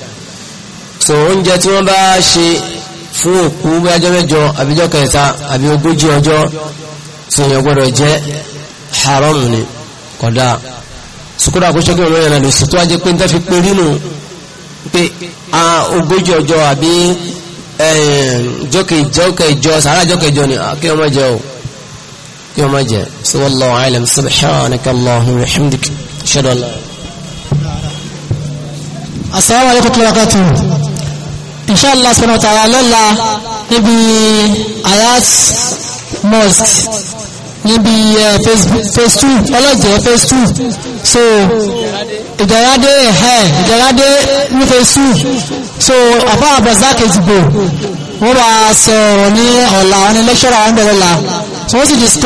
so oúnjẹ tí wọ́n bá ṣe fún òkú bóyá ọjọ́ mẹ́jọ àbíjọ́ kẹta àbí ogójì ọjọ́ tí èèyàn gbọ́dọ̀ jẹ́ haram ni kódà sukúrò àkóso kí wọ́n yẹn lọ sí tó wá jẹ́ pé níta fi pé rínú pé ogójì ọjọ́ àbí jọ́kẹ̀jọ́ sàrà jọ́kẹ̀jọ́ ni kí wọ́n má jẹ o kí wọ́n má jẹ so wallahu a'lam subhanaka allahumma wa ṣẹlẹ̀ ọ̀la. asalaamu alaykum tó lọ́kàtù inshallah sọ̀rọ̀ tààrà lọ́la níbi ayat mosque níbi phase two ọlọ́jẹ̀ phase two so ìjọyádé ẹ̀hẹ́ ìjọyádé ní phase two so àbá àbọ̀zá kejìgbò wọ́n bá sọ̀rọ̀ ní ọ̀la wọn ni lẹ́ṣọ́rọ̀ àwọn bẹ̀rẹ̀ la so wọ́n sì discuss